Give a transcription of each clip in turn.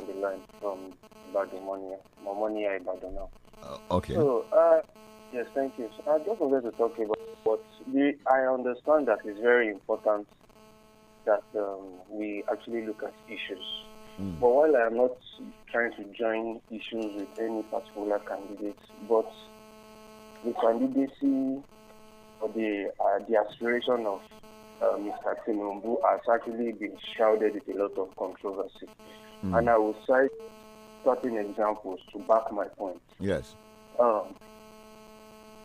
on the line from Badumonia, Momonia Ibadan now. Uh, okay. So, uh, yes, thank you. So I just wanted to talk about what we, I understand that it's very important that um, we actually look at issues. Mm. But while I am not trying to join issues with any particular candidate, but the candidacy or the, uh, the aspiration of uh, Mr. Tinumbu has actually been shrouded with a lot of controversy. Mm. And I will cite certain examples to back my point. Yes. Um,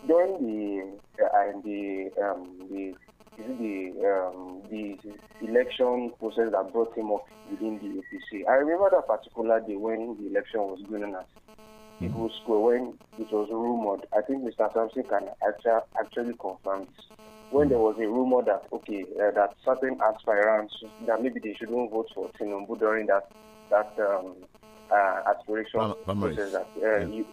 during the uh, and the um, the the um, the election process that brought him up within the APC. I remember that particular day when the election was going on at Eagle mm Square when it was rumored. I think Mr. Sampson can actually actually confirm this. When mm. there was a rumor that okay uh, that certain aspirants that maybe they shouldn't vote for Tinubu during that that um, uh, aspiration process that uh, yeah. he,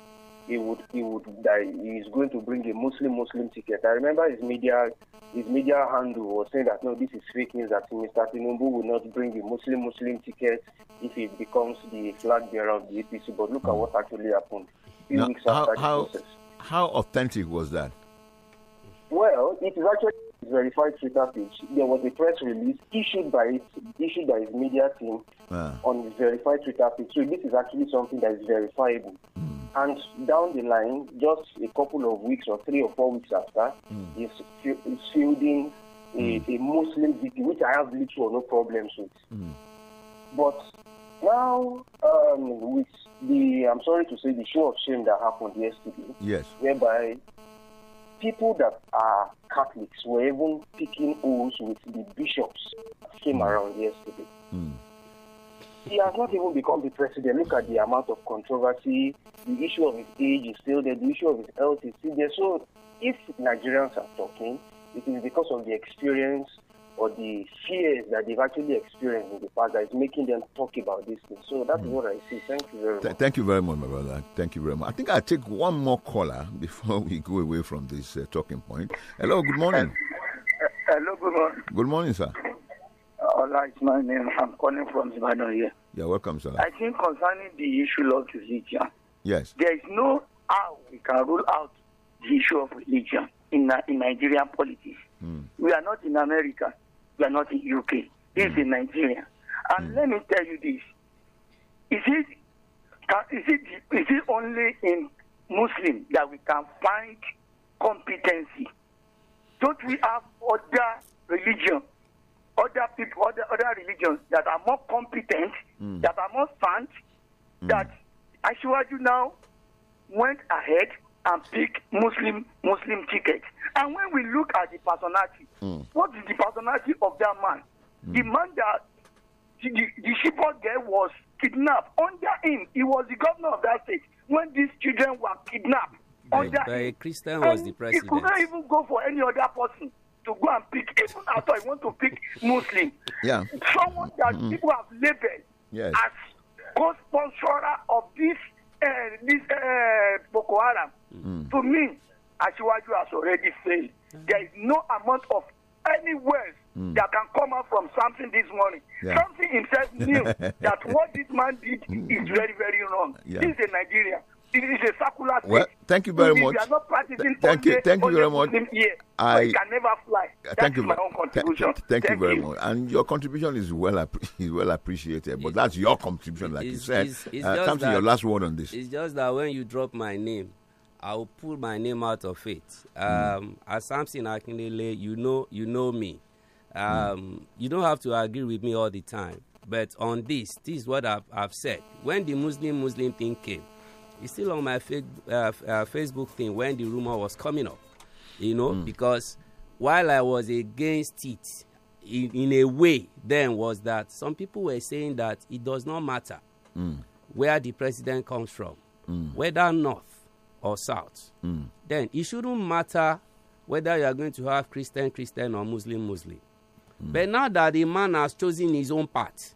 he, would he would die. He's going to bring a Muslim Muslim ticket. I remember his media his media handle was saying that no, this is fake news. That Mr. Tinubu will not bring a Muslim Muslim ticket if he becomes the flag bearer of the APC. But look mm. at hmm. what actually happened. Few now, weeks how, after how, the process. how authentic was that? Well, it is actually verified Twitter page, there was a press release issued by his, issued by his media team ah. on his verified Twitter page. So this is actually something that is verifiable. Mm. And down the line, just a couple of weeks or three or four weeks after, mm. he's, he's fielding mm. a, Muslim VP, which I have little or no problems with. Mm. But now, um, with the, I'm sorry to say, the show of shame that happened yesterday, yes. whereby people that are Catholics were even picking holes with the bishops came mm. around yesterday. Mm. He has not even become the president. Look at the amount of controversy. The issue of his age is still there. The issue of his health is still there. So if Nigerians are talking, it is because of the experience or the fears that they've actually experienced in the past that is making them talk about this thing. So that's mm. what I see. Thank you very much. thank you very much, my brother. Thank you very much. I think I'll take one more caller before we go away from this uh, talking point. Hello, good morning. Hello, good morning. Good morning, sir. All right, my name. I'm calling from Zimbabwe here. You're welcome, sir. I think concerning the issue of religion, yes, there is no how we can rule out the issue of religion in, in Nigerian politics. Mm. We are not in America we are not in UK. This is mm. in Nigeria. And mm. let me tell you this. Is it, is it, is it only in Muslim that we can find competency? Don't we have other religion, other people, other, other religions that are more competent, mm. that are more sound, mm. that Ashwaju now went ahead and pick Muslim Muslim ticket. And when we look at the personality, mm. what is the personality of that man? Mm. The hmm. man that the, the shepherd girl was kidnapped under him. He was the governor of that state when these children were kidnapped. under by him. Christian was the president. He could not even go for any other person to go and pick, even after he want to pick Muslim. Yeah. Someone that mm. people have labeled yes. as co-sponsorer of this uh, this uh, Boko Haram, mm. to me, Ashiwaju has already failed. Mm. There is no amount of any words mm. that can come out from something this morning. Yeah. Something himself knew that what this man did mm. is very, very wrong. Yeah. This is a it is a circular thing. Well, thank you very if much. You are not practicing thank you, thank you very much. Year, I can never fly. Uh, that thank you. My own contribution. Thank, thank, thank you very you. much. And your contribution is well is well appreciated. But it's, that's your contribution, like you said. It's, it's uh, comes that, your last word on this. It's just that when you drop my name, I will pull my name out of it. Hmm. Um, mm. As Samson Akinlele, you know, you know me. Hmm. Um, mm. You don't have to agree with me all the time. But on this, this is what I've, I've said. When the Muslim Muslim thing came, It's still on my fa- uh, uh, Facebook thing when the rumor was coming up, you know, mm. because while I was against it, in, in a way, then was that some people were saying that it does not matter mm. where the president comes from, mm. whether north or south. Mm. Then it shouldn't matter whether you are going to have Christian, Christian or Muslim, Muslim. Mm. But now that the man has chosen his own path,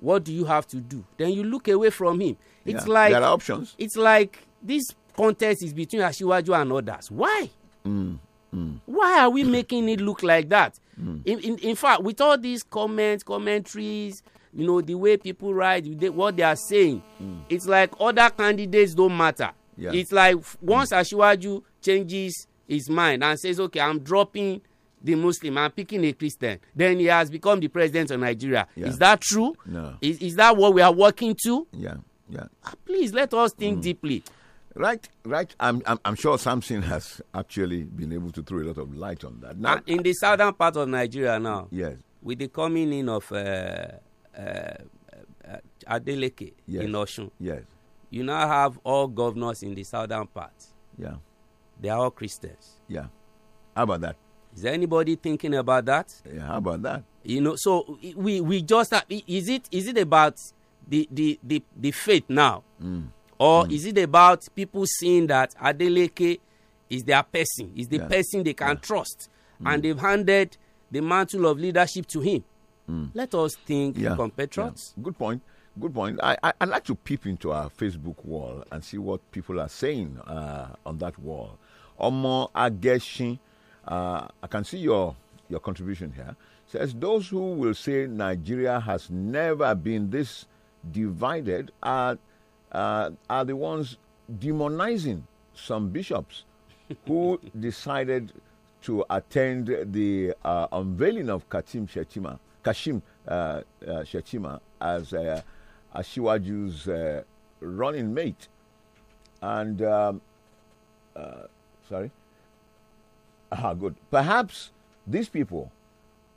what do you have to do then you look away from him it's yeah, like there are options it's like this contest is between Asiwaju and others why mm, mm. why are we making it look like that mm. in, in in fact with all these comments commentaries you know the way people write they, what they are saying mm. it's like other candidates don't matter yeah. it's like once mm. Asiwaju changes his mind and says okay I'm dropping the Muslim and picking a Christian, then he has become the president of Nigeria. Yeah. Is that true? No. Is, is that what we are working to? Yeah, yeah. Ah, please let us think mm. deeply. Right, right. I'm, I'm, I'm, sure Samson has actually been able to throw a lot of light on that. Now, ah, in the southern part of Nigeria now, yes, with the coming in of uh, uh, uh Adeleke yes. in Oshun, yes, you now have all governors in the southern part. Yeah, they are all Christians. Yeah, how about that? Is anybody thinking about that? Yeah, how about that? You know, so we we just have, is it is it about the the the, the faith now, mm. or mm. is it about people seeing that Adeleke is their person, is the yeah. person they can yeah. trust, mm. and they've handed the mantle of leadership to him? Mm. Let us think, yeah. compatriots. Good point. Good point. I, I would like to peep into our Facebook wall and see what people are saying uh, on that wall. Omo Ageshin Uh, I can see your your contribution here. It says those who will say Nigeria has never been this divided are uh, are the ones demonizing some bishops who decided to attend the uh, unveiling of Katim Shetima, Kashim uh, uh Shetima as uh, Ashiwaju's uh, running mate. And um, uh, sorry. Ah, good. Perhaps these people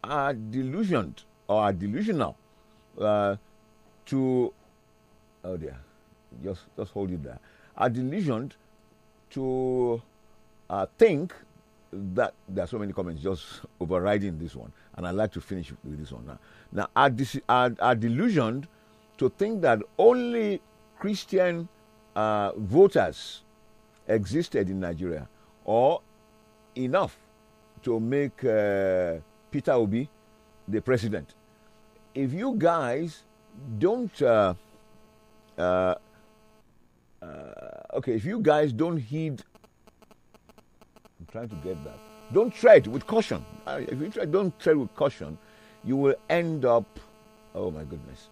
are delusioned or are delusional uh, to, oh dear, just, just hold it there, are delusioned to uh, think that there are so many comments just overriding this one, and I'd like to finish with this one now. Now, are, dis- are, are delusioned to think that only Christian uh, voters existed in Nigeria, or enough to make uh, Peter Obi the president. If you guys don't, uh, uh, uh, okay, if you guys don't heed, I'm trying to get that. Don't tread with caution. Uh, if you tread, don't tread with caution, you will end up. Oh my goodness,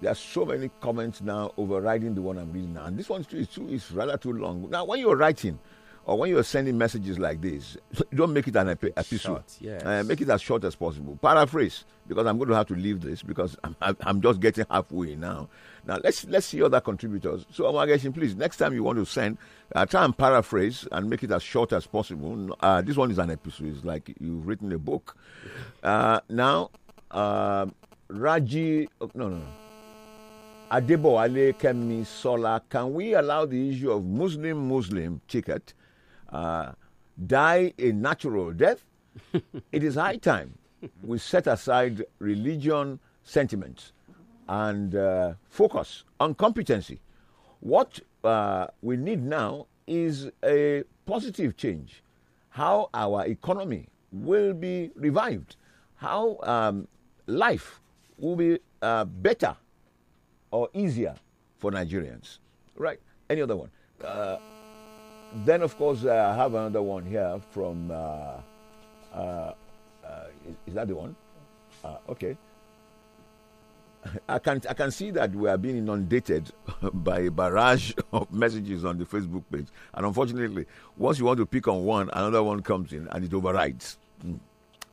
there are so many comments now overriding the one I'm reading now, and this one is too is rather too long. Now, when you're writing, or when you are sending messages like this, don't make it an episode. uh, make it as short as possible. Paraphrase, because I'm going to have to leave this because I'm, I'm just getting halfway now. Now let's let's see other contributors. So Amageshin, please, next time you want to send, uh, try and paraphrase and make it as short as possible. Uh, this one is an episode. It's like you've written a book. Uh, now, um, Raji, oh, no, no. no. Adebowale Kemi Sola, can we allow the issue of Muslim Muslim ticket uh, die a natural death, it is high time we set aside religion sentiments and uh, focus on competency. What uh, we need now is a positive change how our economy will be revived, how um, life will be uh, better or easier for Nigerians. Right? Any other one? Uh, then, of course, uh, I have another one here from. Uh, uh, is, is, that the one? okay. I can I can see that we are being inundated by a barrage of messages on the Facebook page, and unfortunately, once you want to pick on one, another one comes in and it overrides. Mm.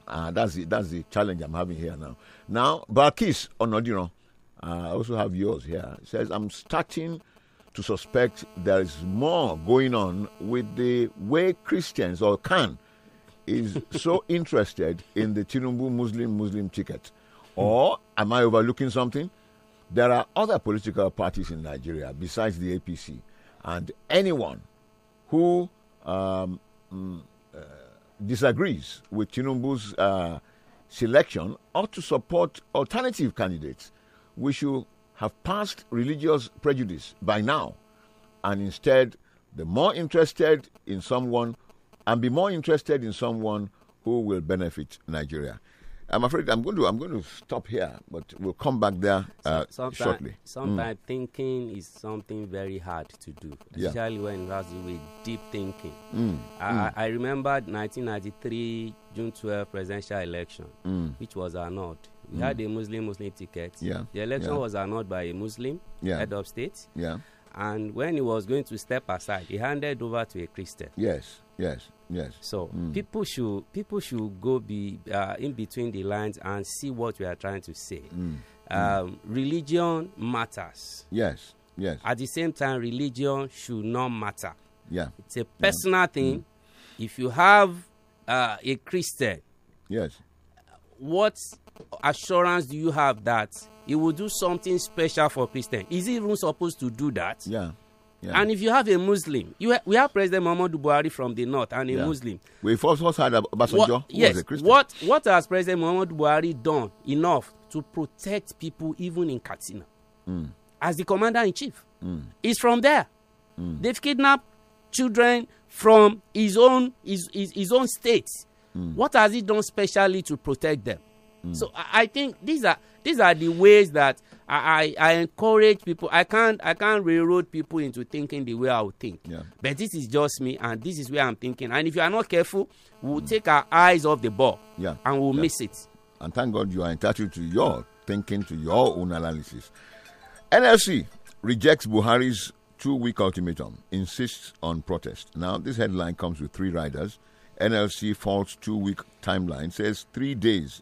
Uh, that's the that's the challenge I'm having here now. Now, Barkis Onodiron, uh, I also have yours here. It says I'm starting to suspect there is more going on with the way Christians or can is so interested in the Tinubu Muslim Muslim ticket. Hmm. Or am I overlooking something? There are other political parties in Nigeria besides the APC, and anyone who um, mm, uh, disagrees with Tinubu's uh, selection ought to support alternative candidates. We should have passed religious prejudice by now and instead be more interested in someone and be more interested in someone who will benefit Nigeria. I'm afraid I'm going to I'm going to stop here, but we'll come back there uh, shortly. Sometimes mm. thinking is something very hard to do, especially yeah. when it has to with deep thinking. Mm. I, mm. I, remember 1993 June 12 presidential election, mm. which was annulled. We mm. had a Muslim Muslim ticket. Yeah. The election yeah. was annulled by a Muslim yeah. head of state. Yeah. And when he was going to step aside, he handed over to a Christian. Yes. Yes. Yes. So mm. people should people should go be uh, in between the lines and see what we are trying to say. Mm. mm. Um, religion matters. Yes. Yes. At the same time, religion should not matter. Yeah. It's a personal mm, mm. thing. If you have uh, a Christian. Yes. what's assurance do you have that he will do something special for Christian? Is he even supposed to do that? Yeah. Yeah. And if you have a Muslim, you we have President Muhammadu Buhari from the north and a yeah. Muslim. We also had Obasanjo, what, yes, What, what has President Muhammadu Buhari done enough to protect people even in Katsina? Mm. As the commander-in-chief. Mm. He's from there. Mm. They've kidnapped children from his own, his, his, his own state. Mm. What has he done specially to protect them? So I, think these are these are the ways that I, I, I encourage people. I can't I can't railroad people into thinking the way I would think. Yeah. But this is just me, and this is where I'm thinking. And if you are not careful, we'll mm. take our eyes off the ball. Yeah. And we'll yeah. miss it. And thank God you are entitled to your thinking, to your own analysis. NLC rejects Buhari's two-week ultimatum, insists on protest. Now this headline comes with three riders. NLC faults two-week timeline, says three days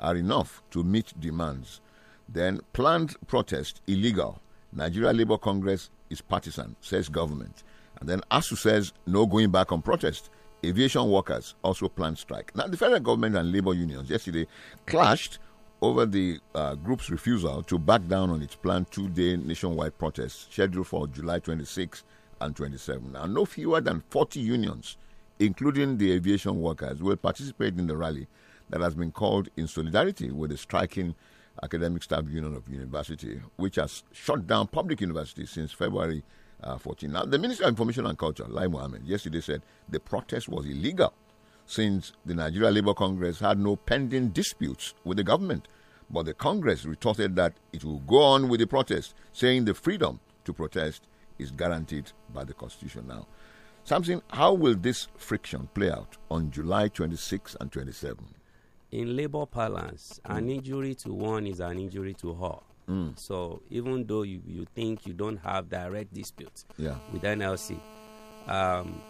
are enough to meet demands. Then planned protest illegal. Nigeria Labour Congress is partisan, says government. And then ASU says no going back on protest. Aviation workers also plan strike. Now, the federal government and labour unions yesterday clashed over the uh, group's refusal to back down on its planned two day nationwide protest scheduled for July 26 and 27. Now, no fewer than 40 unions, including the aviation workers, will participate in the rally that has been called in solidarity with the striking Academic Staff Union of University, which has shut down public universities since February uh, 14. Now, the Minister of Information and Culture, Lai Mohammed, yesterday said the protest was illegal since the Nigeria Labour Congress had no pending disputes with the government. But the Congress retorted that it will go on with the protest, saying the freedom to protest is guaranteed by the Constitution now. Something, how will this friction play out on July 26 and 27? in labor parlance, an mm. injury to one is an injury to all. Mm. So even though you, you think you don't have direct dispute yeah. with NLC, um,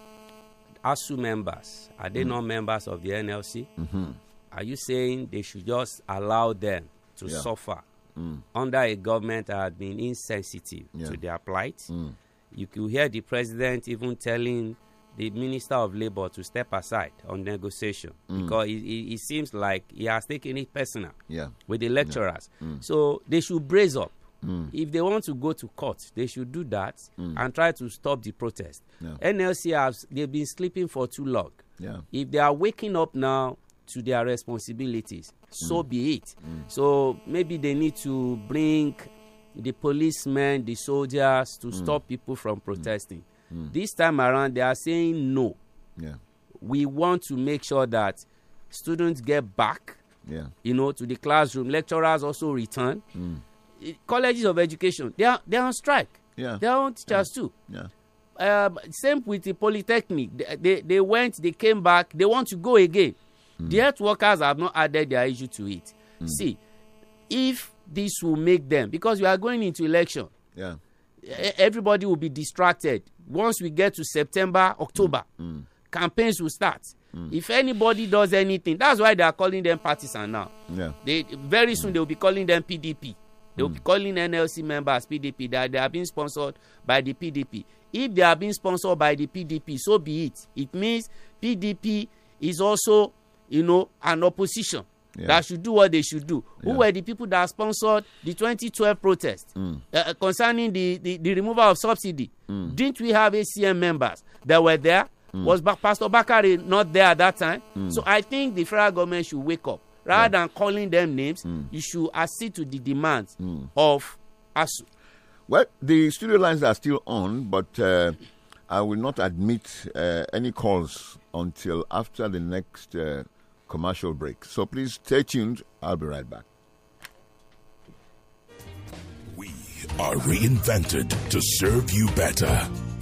ASU members, are they mm. not members of the NLC? Mm-hmm. Are you saying they should just allow them to yeah. suffer mm. under a government that had been insensitive yeah. to their plight? Mm. You could hear the president even telling the Minister of Labour to step aside on negotiation mm. because it, it, it, seems like he has taken it personal yeah. with the lecturers. Yeah. Mm. So they should brace up. Mm. If they want to go to court, they should do that mm. and try to stop the protest. Yeah. NLC has they've been sleeping for too long. If they are waking up now to their responsibilities, so mm. be it. Mm. So maybe they need to bring the policemen, the soldiers to stop people from protesting. Hmm. This time around, they are saying no. Yeah. We want to make sure that students get back, yeah. you know, to the classroom. Lecturers also return. Mm. Colleges of education, they are, they are on strike. Yeah. Their own teachers yeah. too. Yeah. Um, same with the polytechnic. They, they, they went, they came back, they want to go again. Mm. The health workers have not added their issue to it. Mm. See, if this will make them, because we are going into election, yeah. everybody will be distracted. once we get to september october mm, mm. campaigns will start Mm. If anybody does anything, that's why they are calling them partisan now. Yeah. They very soon mm. they will be calling them PDP. They will mm. be calling NLC members PDP. That they are being sponsored by the PDP. If they are being sponsored by the PDP, so be it. It means PDP is also, you know, an opposition yeah. that should do what they should do. Yeah. Who were the people that sponsored the 2012 protest mm. Uh, uh, concerning the, the, the, removal of subsidy? Mm. Didn't we have ACM members that were there? Mm. Was Pastor Bakari not there at that time? Mm. So I think the federal government should wake up. Rather yeah. than calling them names, mm. you should accede to the demands mm. of ASU. Well, the studio lines are still on, but uh, I will not admit uh, any calls until after the next. Uh, commercial break. So please stay tuned. I'll be right back. We are reinvented to serve you better.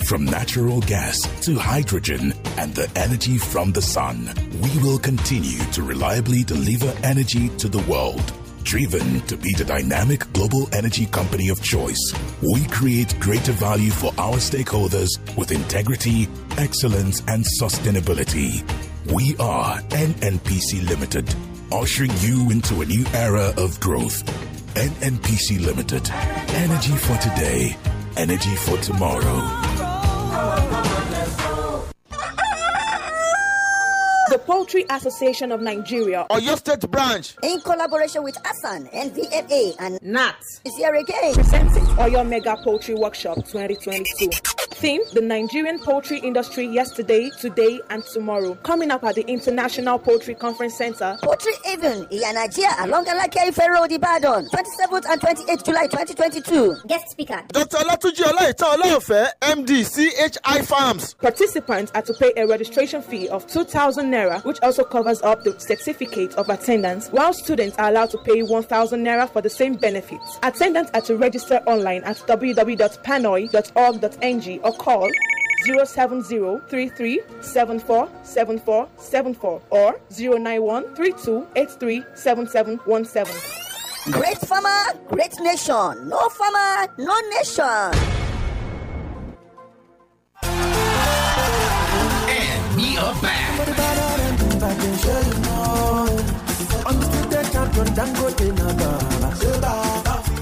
From natural gas to hydrogen and the energy from the sun, we will continue to reliably deliver energy to the world. Driven to be the dynamic global energy company of choice, we create greater value for our stakeholders with integrity, excellence, and sustainability. We are NNPC Limited, ushering you into a new era of growth. NNPC Limited, energy for today, energy for tomorrow. the Poultry Association of Nigeria, or your State Branch, in collaboration with ASAN, NVMA, and Nats, is here again presenting Oyo Mega Poultry Workshop 2022. Theme The Nigerian Poultry Industry Yesterday, Today, and Tomorrow. Coming up at the International Poultry Conference Center. Poultry Even, Nigeria along Alake Road, Ibadan, 27th and 28th July 2022. Guest speaker Dr. Latuji Olaita Olayofe, MD, CHI Farms. Participants are to pay a registration fee of 2,000 naira, which also covers up the certificate of attendance, while students are allowed to pay 1,000 naira for the same benefits. Attendants are to register online at www.panoy.org.ng or call 07033747474 or 09132837717. Great farmer, great nation. No farmer, no nation. And we are back. I can show you more. On the street, they can't run, dango, they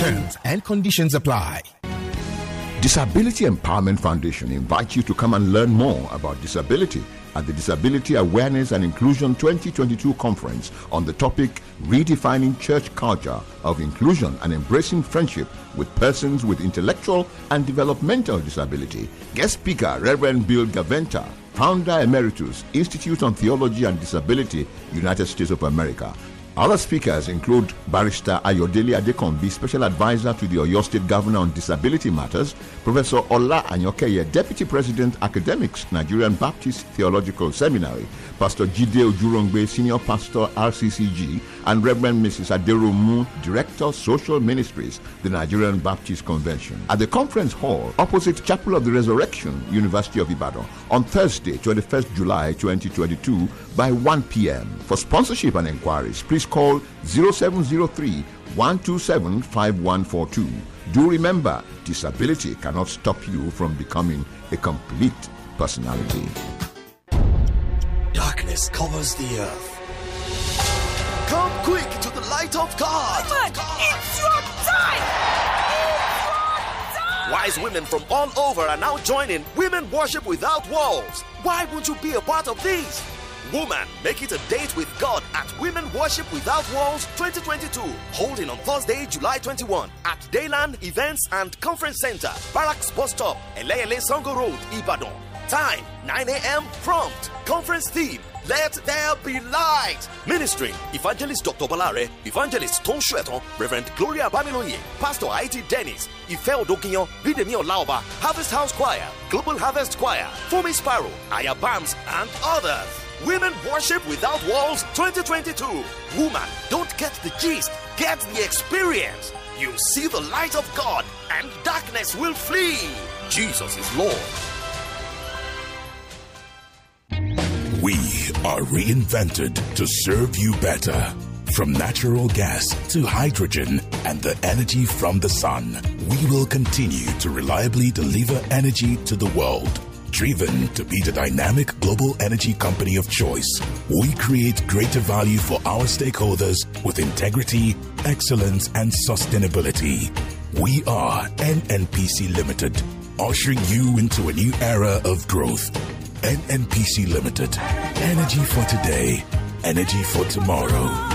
Terms and conditions apply. Disability Empowerment Foundation invites you to come and learn more about disability at the Disability Awareness and Inclusion 2022 conference on the topic Redefining Church Culture of Inclusion and Embracing Friendship with Persons with Intellectual and Developmental Disability. Guest speaker Reverend Bill Gaventa, Founder Emeritus, Institute on Theology and Disability, United States of America. Other speakers include Barrister Ayodele Adekombi, Special Advisor to the Oyo State Governor on Disability Matters, Professor Ola Anyokeye, Deputy President Academics, Nigerian Baptist Theological Seminary, Pastor Jide Ojurongbe, Senior Pastor RCCG, and Reverend Mrs. Aderomu, Director Social Ministries, the Nigerian Baptist Convention. At the Conference Hall, opposite Chapel of the Resurrection, University of Ibadan, on Thursday, 21st July 2022, by 1 p.m. For sponsorship and inquiries, please please call 0703 127 5142. Do remember, disability cannot stop you from becoming a complete personality. Darkness covers the earth. Come quick to the light of God. it's your time. Wise women from all over are now joining Women Worship Without Walls. Why won't you be a part of these? Woman, make it a date with God at Women Worship Without Walls 2022, holding on Thursday, July 21 at Dayland Events and Conference Center, Barracks Bus Stop, Eleyele Songo Road, Ibadan. Time 9 a.m. Prompt. Conference theme let there be light. Ministry Evangelist Dr. Balare, Evangelist Tom Shueton, Reverend Gloria Bamiloye, Pastor Haiti Dennis, Ife Odokinyo, Bidemi Olaoba, Harvest House Choir, Global Harvest Choir, Fumi Sparrow, Ayabams, and others. Women Worship Without Walls 2022. Woman, don't get the gist, get the experience. You'll see the light of God and darkness will flee. Jesus is Lord. We are reinvented to serve you better. From natural gas to hydrogen and the energy from the sun, we will continue to reliably deliver energy to the world Driven to be the dynamic global energy company of choice, we create greater value for our stakeholders with integrity, excellence, and sustainability. We are NNPC Limited, ushering you into a new era of growth. NNPC Limited, energy for today, energy for tomorrow.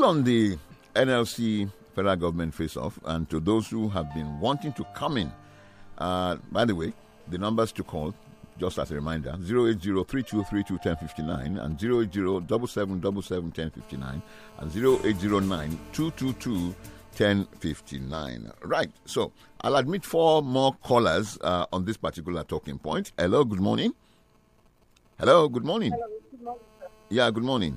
still on the NLC federal government face off, and to those who have been wanting to come in, uh, by the way, the numbers to call, just as a reminder, 080-3232-1059 and 080-777-1059 and 0809-222-1059. Right, so I'll admit four more callers uh, on this particular talking point. Hello, good morning. Hello, good morning. Hello, good morning yeah, good morning.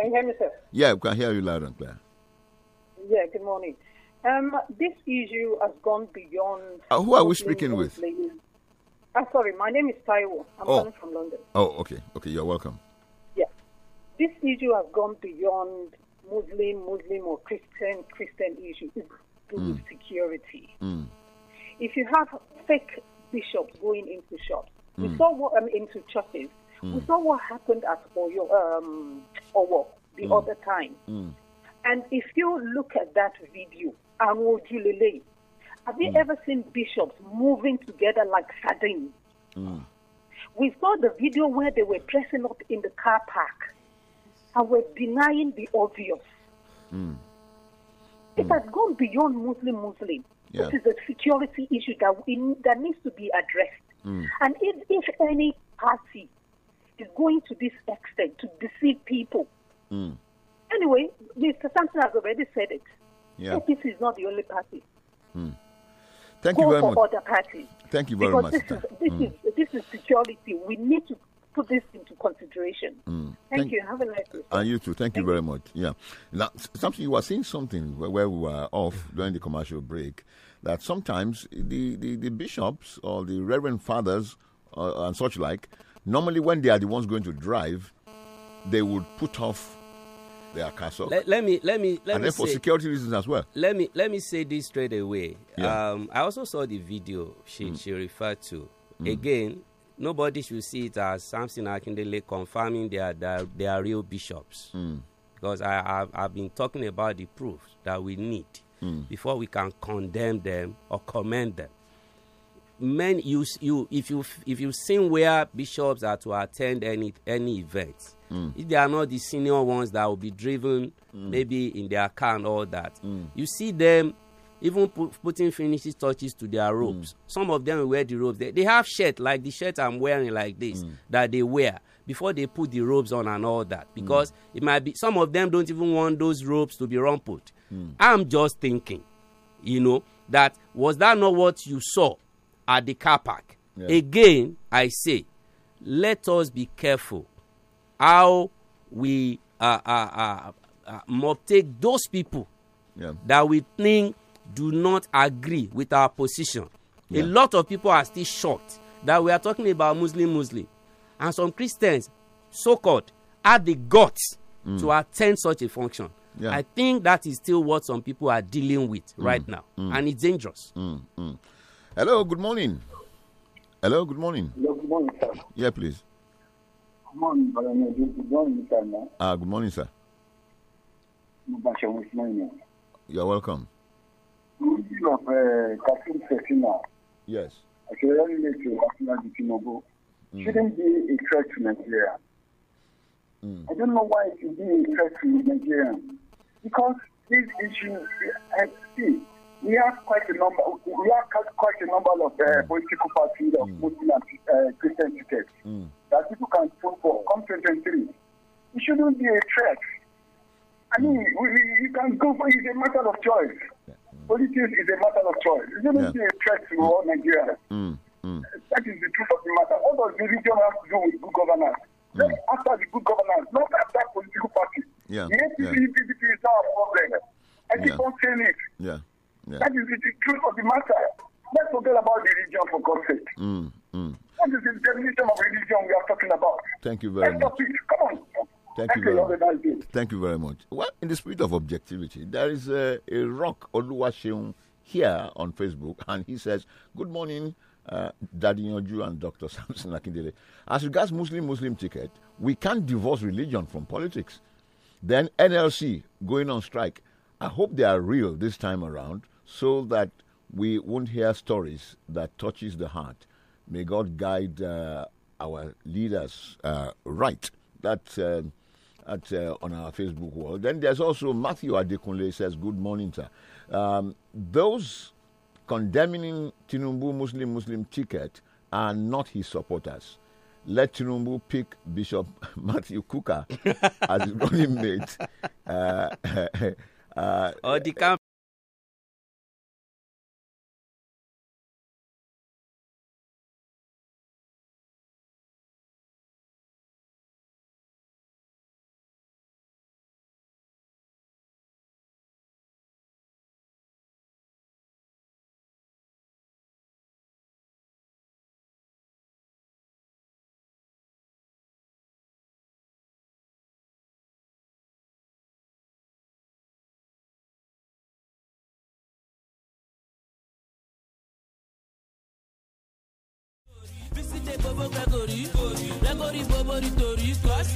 Can you hear me, sir? Yeah, we can hear you loud and clear. Yeah, good morning. Um, this issue has gone beyond. Uh, who are we speaking with? Ladies. Uh, ah, sorry, my name is Taiwo. I'm oh. calling from London. Oh, okay. Okay, you're welcome. Yeah. This issue has gone beyond Muslim, Muslim, or Christian, Christian issue. It's to hmm. security. Mm. If you have fake bishops going into shops, mm. we saw what um, into churches. Mm. We saw what happened at Oyo, um, Owo the mm. other time. Mm. And if you look at that video, have you mm. ever seen bishops moving together like sardines? Mm. We saw the video where they were dressing up in the car park and were denying the obvious. Mm. It has gone beyond Muslim Muslim. Yeah. This is a security issue that we, that needs to be addressed. Mm. And if, if any party is going to this extent to deceive people. Mm. Anyway, Mr. Sampson has already said it. Yeah. APC is not the only party. Mm. Thank Go you very for much. other parties. Thank you very because much. This is this, mm. is, this, is, security. We need to put this into consideration. Hmm. Thank, Thank, you. Have a nice day. And ah, you too. Thank, Thank you very you. much. Yeah. Now, something you were saying something where, where we were off during the commercial break that sometimes the, the, the bishops or the reverend fathers uh, and such like Normally, when they are the ones going to drive, they would put off their castle. Let, let me let me let and me then say, for security reasons as well. Let me let me say this straight away. Yeah. Um, I also saw the video she mm. she referred to. Mm. Again, nobody should see it as Samson Akindele confirming they are, they are real bishops. Mm. Because I have I've been talking about the proof that we need mm. before we can condemn them or commend them. men you you if you if you seen where bishops are to attend any any event mm. if they are not the senior ones that will be driven mm. maybe in their car and all that mm. you see them even put, putting finishing touches to their mm. robes some of them wear the robes they, they have shirt like the shirt i'm wearing like this mm. that they wear before they put the robes on and all that because mm. it might be some of them don't even want those robes to be rumpled i'm just thinking you know that was that not what you saw at the car park. Yeah. Again, I say, let us be careful how we uh, uh, uh, uh, uh take those people yeah. that we think do not agree with our position. Yeah. A lot of people are still shocked that we are talking about Muslim Muslim, and some Christians, so-called, had the guts mm. to attend such a function. Yeah. I think that is still what some people are dealing with mm. right now, mm. and it's dangerous. Mm. Mm. Hello, good morning. Hello, good morning. Hello, good morning, sir. Yeah, please. Good morning, Good morning, sir. Ah, good morning, sir. You're welcome. Eh, yes. Mm. Shouldn't be a threat to Nigeria. Mm. I don't know why it should be a threat to Nigeria. Because this issue, eh, I see, we have quite a number. We have quite a number of uh, mm. political parties of Muslim and uh, Christian tickets mm. that people can vote for. Come 2023, it shouldn't be a threat. I mm. mean, we, you can go for it's a matter of choice. Mm. Politics is a matter of choice. It shouldn't yeah. be a threat to all Nigerians. Mm, that is the truth of the matter. What does religion have to do with good governance? Mm. After the good governance, not after political party. Yeah. The APC, yeah. is not a problem. I keep on saying it. Yeah. Yeah. That is the, the, truth of the matter. Let's forget about religion for God's sake. Mm, mm. the definition of religion we are talking about. Thank you very Let's much. Come on. Thank, you, very much. Thank you very much. Well, in the spirit of objectivity, there is a, a rock Oluwaseun here on Facebook, and he says, "Good morning, uh, Daddy Yonju and Dr. Samson Akindele. As regards Muslim Muslim ticket, we can't divorce religion from politics. Then NLC going on strike. I hope they are real this time around so that we won't hear stories that touches the heart. May God guide uh, our leaders uh, right. That um, uh, at, on our Facebook wall. Then there's also Matthew Adekunle says, "Good morning, sir." Um, those condemning Tinubu Muslim Muslim ticket are not his supporters. Let Tinubu pick Bishop Matthew Kuka as running mate. Uh, uh, or the uh, Bobori, cause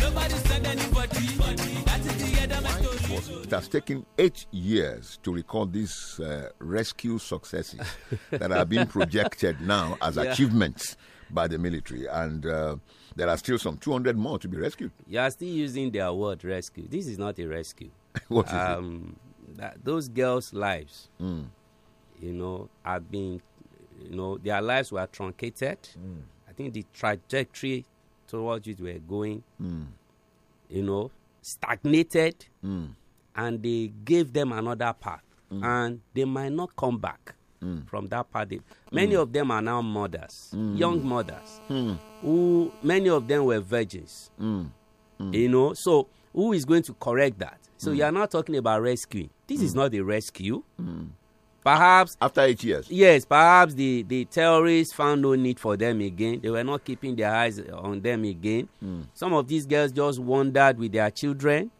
Nobody send anybody. my story. It has taken eight years to record these uh, rescue successes that are being projected now as yeah. achievements by the military. And uh, there are still some 200 more to be rescued. You are still using their word rescue. This is not a rescue. what is um, it? That, those girls' lives, mm. you know, have been you know, their lives were truncated. Mm. I think the trajectory towards which we're going, mm. you know, stagnated, mm. and they gave them another path, mm. and they might not come back mm. from that path. Many mm. of them are now mothers, young mothers, hmm. who many of them were virgins, hmm. you know. So who is going to correct that? So hmm. you are not talking about rescuing. This is not a rescue. Perhaps after eight years. Yes, perhaps the the terrorists found no need for them again. They were not keeping their eyes on them again. Mm. Some of these girls just wandered with their children,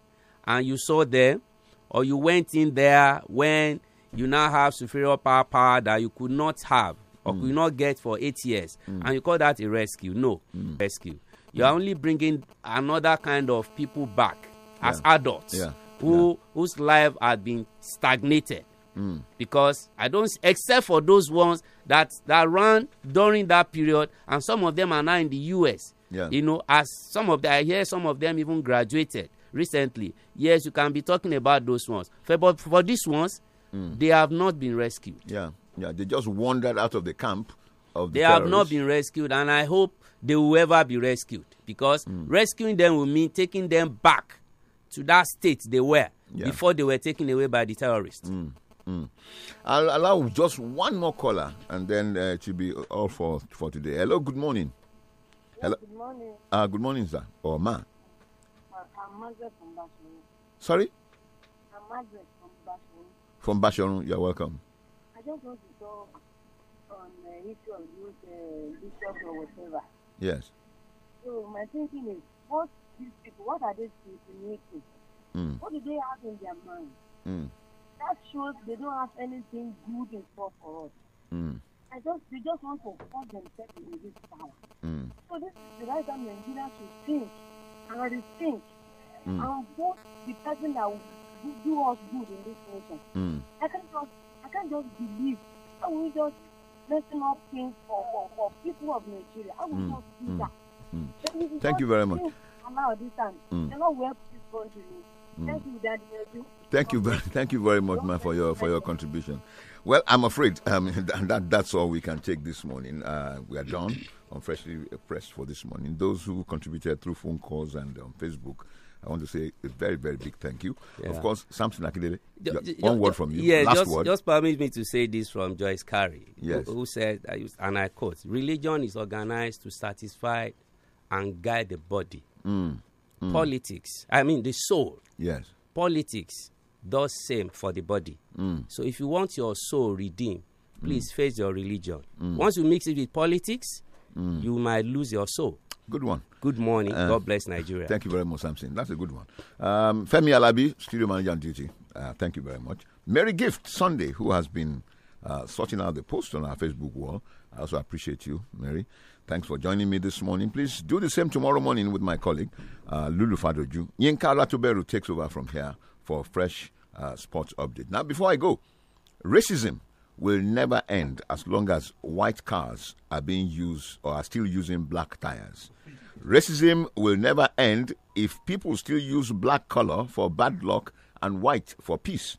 and you saw them, or you went in there when you now have superior power, power that you could not have or mm. could not get for eight years, mm. and you call that a rescue? No, hmm. rescue. You hmm. are only bringing another kind of people back as yeah. adults yeah. who yeah. whose life had been stagnated Mm. Because I don't, except for those ones that that ran during that period, and some of them are now in the U.S. Yeah. You know, as some of them, I hear some of them even graduated recently. Yes, you can be talking about those ones. But for these ones, mm. they have not been rescued. Yeah, yeah, they just wandered out of the camp. Of the they terrorists. have not been rescued, and I hope they will ever be rescued because mm. rescuing them will mean taking them back to that state they were yeah. before they were taken away by the terrorists. Mm. Mm. I'll allow just one more caller, and then uh, it will be all for for today. Hello, good morning. Hello. Good morning. Uh, good morning, sir. Or oh, ma. I'm from Sorry. I'm from Bashorun. From you're welcome. I just want to talk on the issue of youth uh, or whatever. Yes. So my thinking is, what these people, what are they thinking? Mm. What do they have in their mind? Mm that shows they don't have anything good in store for us. Mm. I just they just want to force themselves in this power. Mm. So this is the right time Nigeria should think and rethink mm. and vote the person that will do us good in this nation. Mm. I can't just I can't just believe how we just messing up things for, for, for people of Nigeria. I will not hmm. do that. Hmm. Hmm. Thank you very much. Allow this time. Mm. They're not going to country. Thank you, Daddy. Thank you, very, thank you very much, man, for your for your contribution. Well, I'm afraid um, that, that, that's all we can take this morning. Uh, we are done on freshly pressed for this morning. Those who contributed through phone calls and on um, Facebook. I want to say a very, very big thank you. Yeah. Of course, Samson Akindele, one word from you. Yeah, last just, word. just permit me to say this from Joyce Carey, yes. who, who said, and I quote, religion is organized to satisfy and guide the body. Mm mm. politics i mean the soul yes politics does same for the body mm. so if you want your soul redeemed please mm. face your religion mm. once you mix it with politics mm. you might lose your soul Good one. Good morning. Uh, God bless Nigeria. Thank you very much, Samson. That's a good one. Um, Femi Alabi, studio manager on duty. Uh, thank you very much. Mary Gift Sunday, who has been uh, sorting out the post on our Facebook wall. I also appreciate you, Mary. Thanks for joining me this morning. Please do the same tomorrow morning with my colleague, uh, Lulu Fadoju. Yinka Ratuberu takes over from here for a fresh uh, sports update. Now, before I go, racism will never end as long as white cars are being used or are still using black tires. Racism will never end if people still use black color for bad luck and white for peace.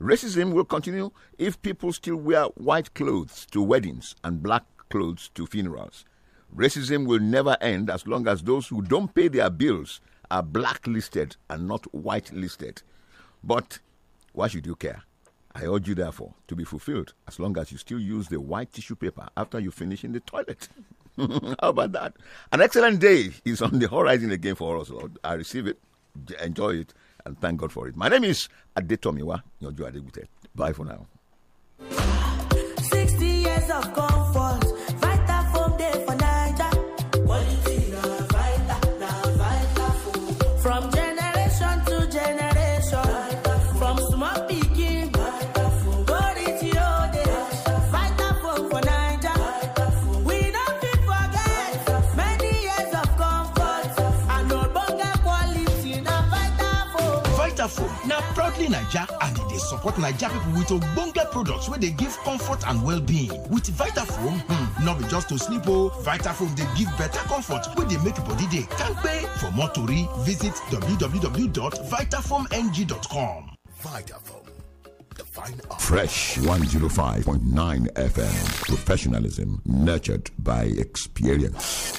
Racism will continue if people still wear white clothes to weddings and black clothes to funerals. Racism will never end as long as those who don't pay their bills are blacklisted and not whitelisted. But why should you care? I urge you, therefore, to be fulfilled as long as you still use the white tissue paper after you finish in the toilet. How about that? An excellent day is on the horizon again for us, Lord. I receive it, enjoy it, and thank God for it. My name is Adetomiwa Nyonjo Adegute. Bye for now. 60 years of God. naija and they support naija people with ogbonge products where they give comfort and well-being with vitafoam hmm be just to sleep oh, vitafoam they give better comfort where they make body dey pay for more tori visit www.vitafoamng.com vitafoam the fine art. fresh 105.9 fm professionalism nurtured by experience.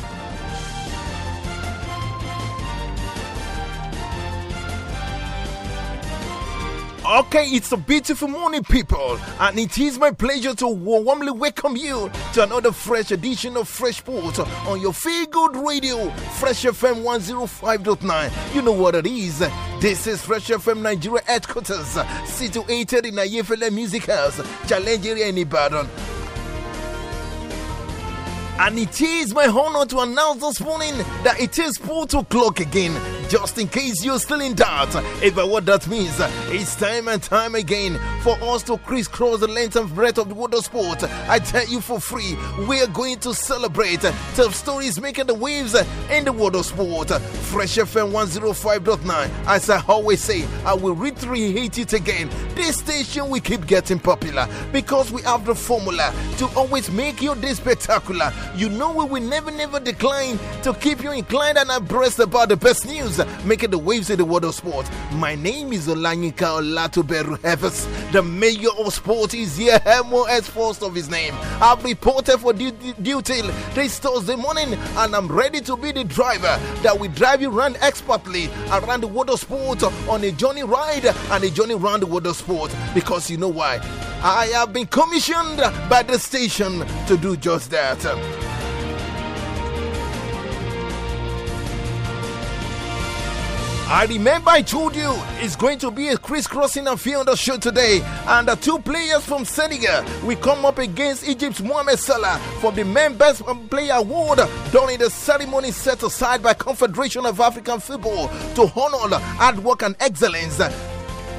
Okay, it's a beautiful morning, people, and it is my pleasure to warmly welcome you to another fresh edition of Fresh Port on your Feel Good Radio, Fresh FM 105.9. You know what it is. This is Fresh FM Nigeria headquarters, situated in Ayefele Music House, Challenge Area in Ibadan. And it is my honor to announce this morning that it is 4 o'clock again. Just in case you're still in doubt about what that means, it's time and time again for us to crisscross the length and breadth of the water sport. I tell you for free, we are going to celebrate tough stories making the waves in the water sport. Fresh FM 105.9. As I always say, I will reiterate it again. This station will keep getting popular because we have the formula to always make your day spectacular you know we will never, never decline to keep you inclined and abreast about the best news making the waves in the world of sport. My name is Olanyika Olatuberu Heves. The mayor of sport is here, MOS first of his name. I've reported for duty, duty this Thursday morning and I'm ready to be the driver that will drive you around expertly around the world of sport on a journey ride and a journey around the world of sport because you know why? I have been commissioned by the station to do just that. I remember I told you it's going to be a crisscrossing affair on the show today, and the two players from Senegal will come up against Egypt's Mohamed Salah for the Men Best Player Award during the ceremony set aside by Confederation of African Football to honor hard work and excellence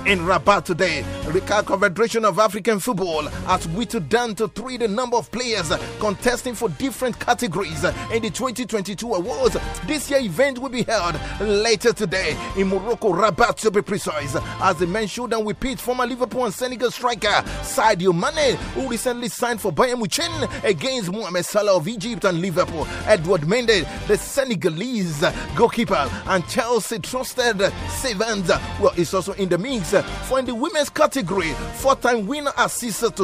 in Rabat today. Rika Confederation of African Football has whittled down to three the number of players contesting for different categories in the 2022 awards. This year event will be held later today in Morocco, Rabat to be precise. As the men should and repeat, former Liverpool and Senegal striker Sadio Mane, who recently signed for Bayern Munich against Mohamed Salah of Egypt and Liverpool, Edward Mendes, the Senegalese goalkeeper, and Chelsea trusted Sevens. Well, it's also in the mix for in the women's category. Four time winner assist to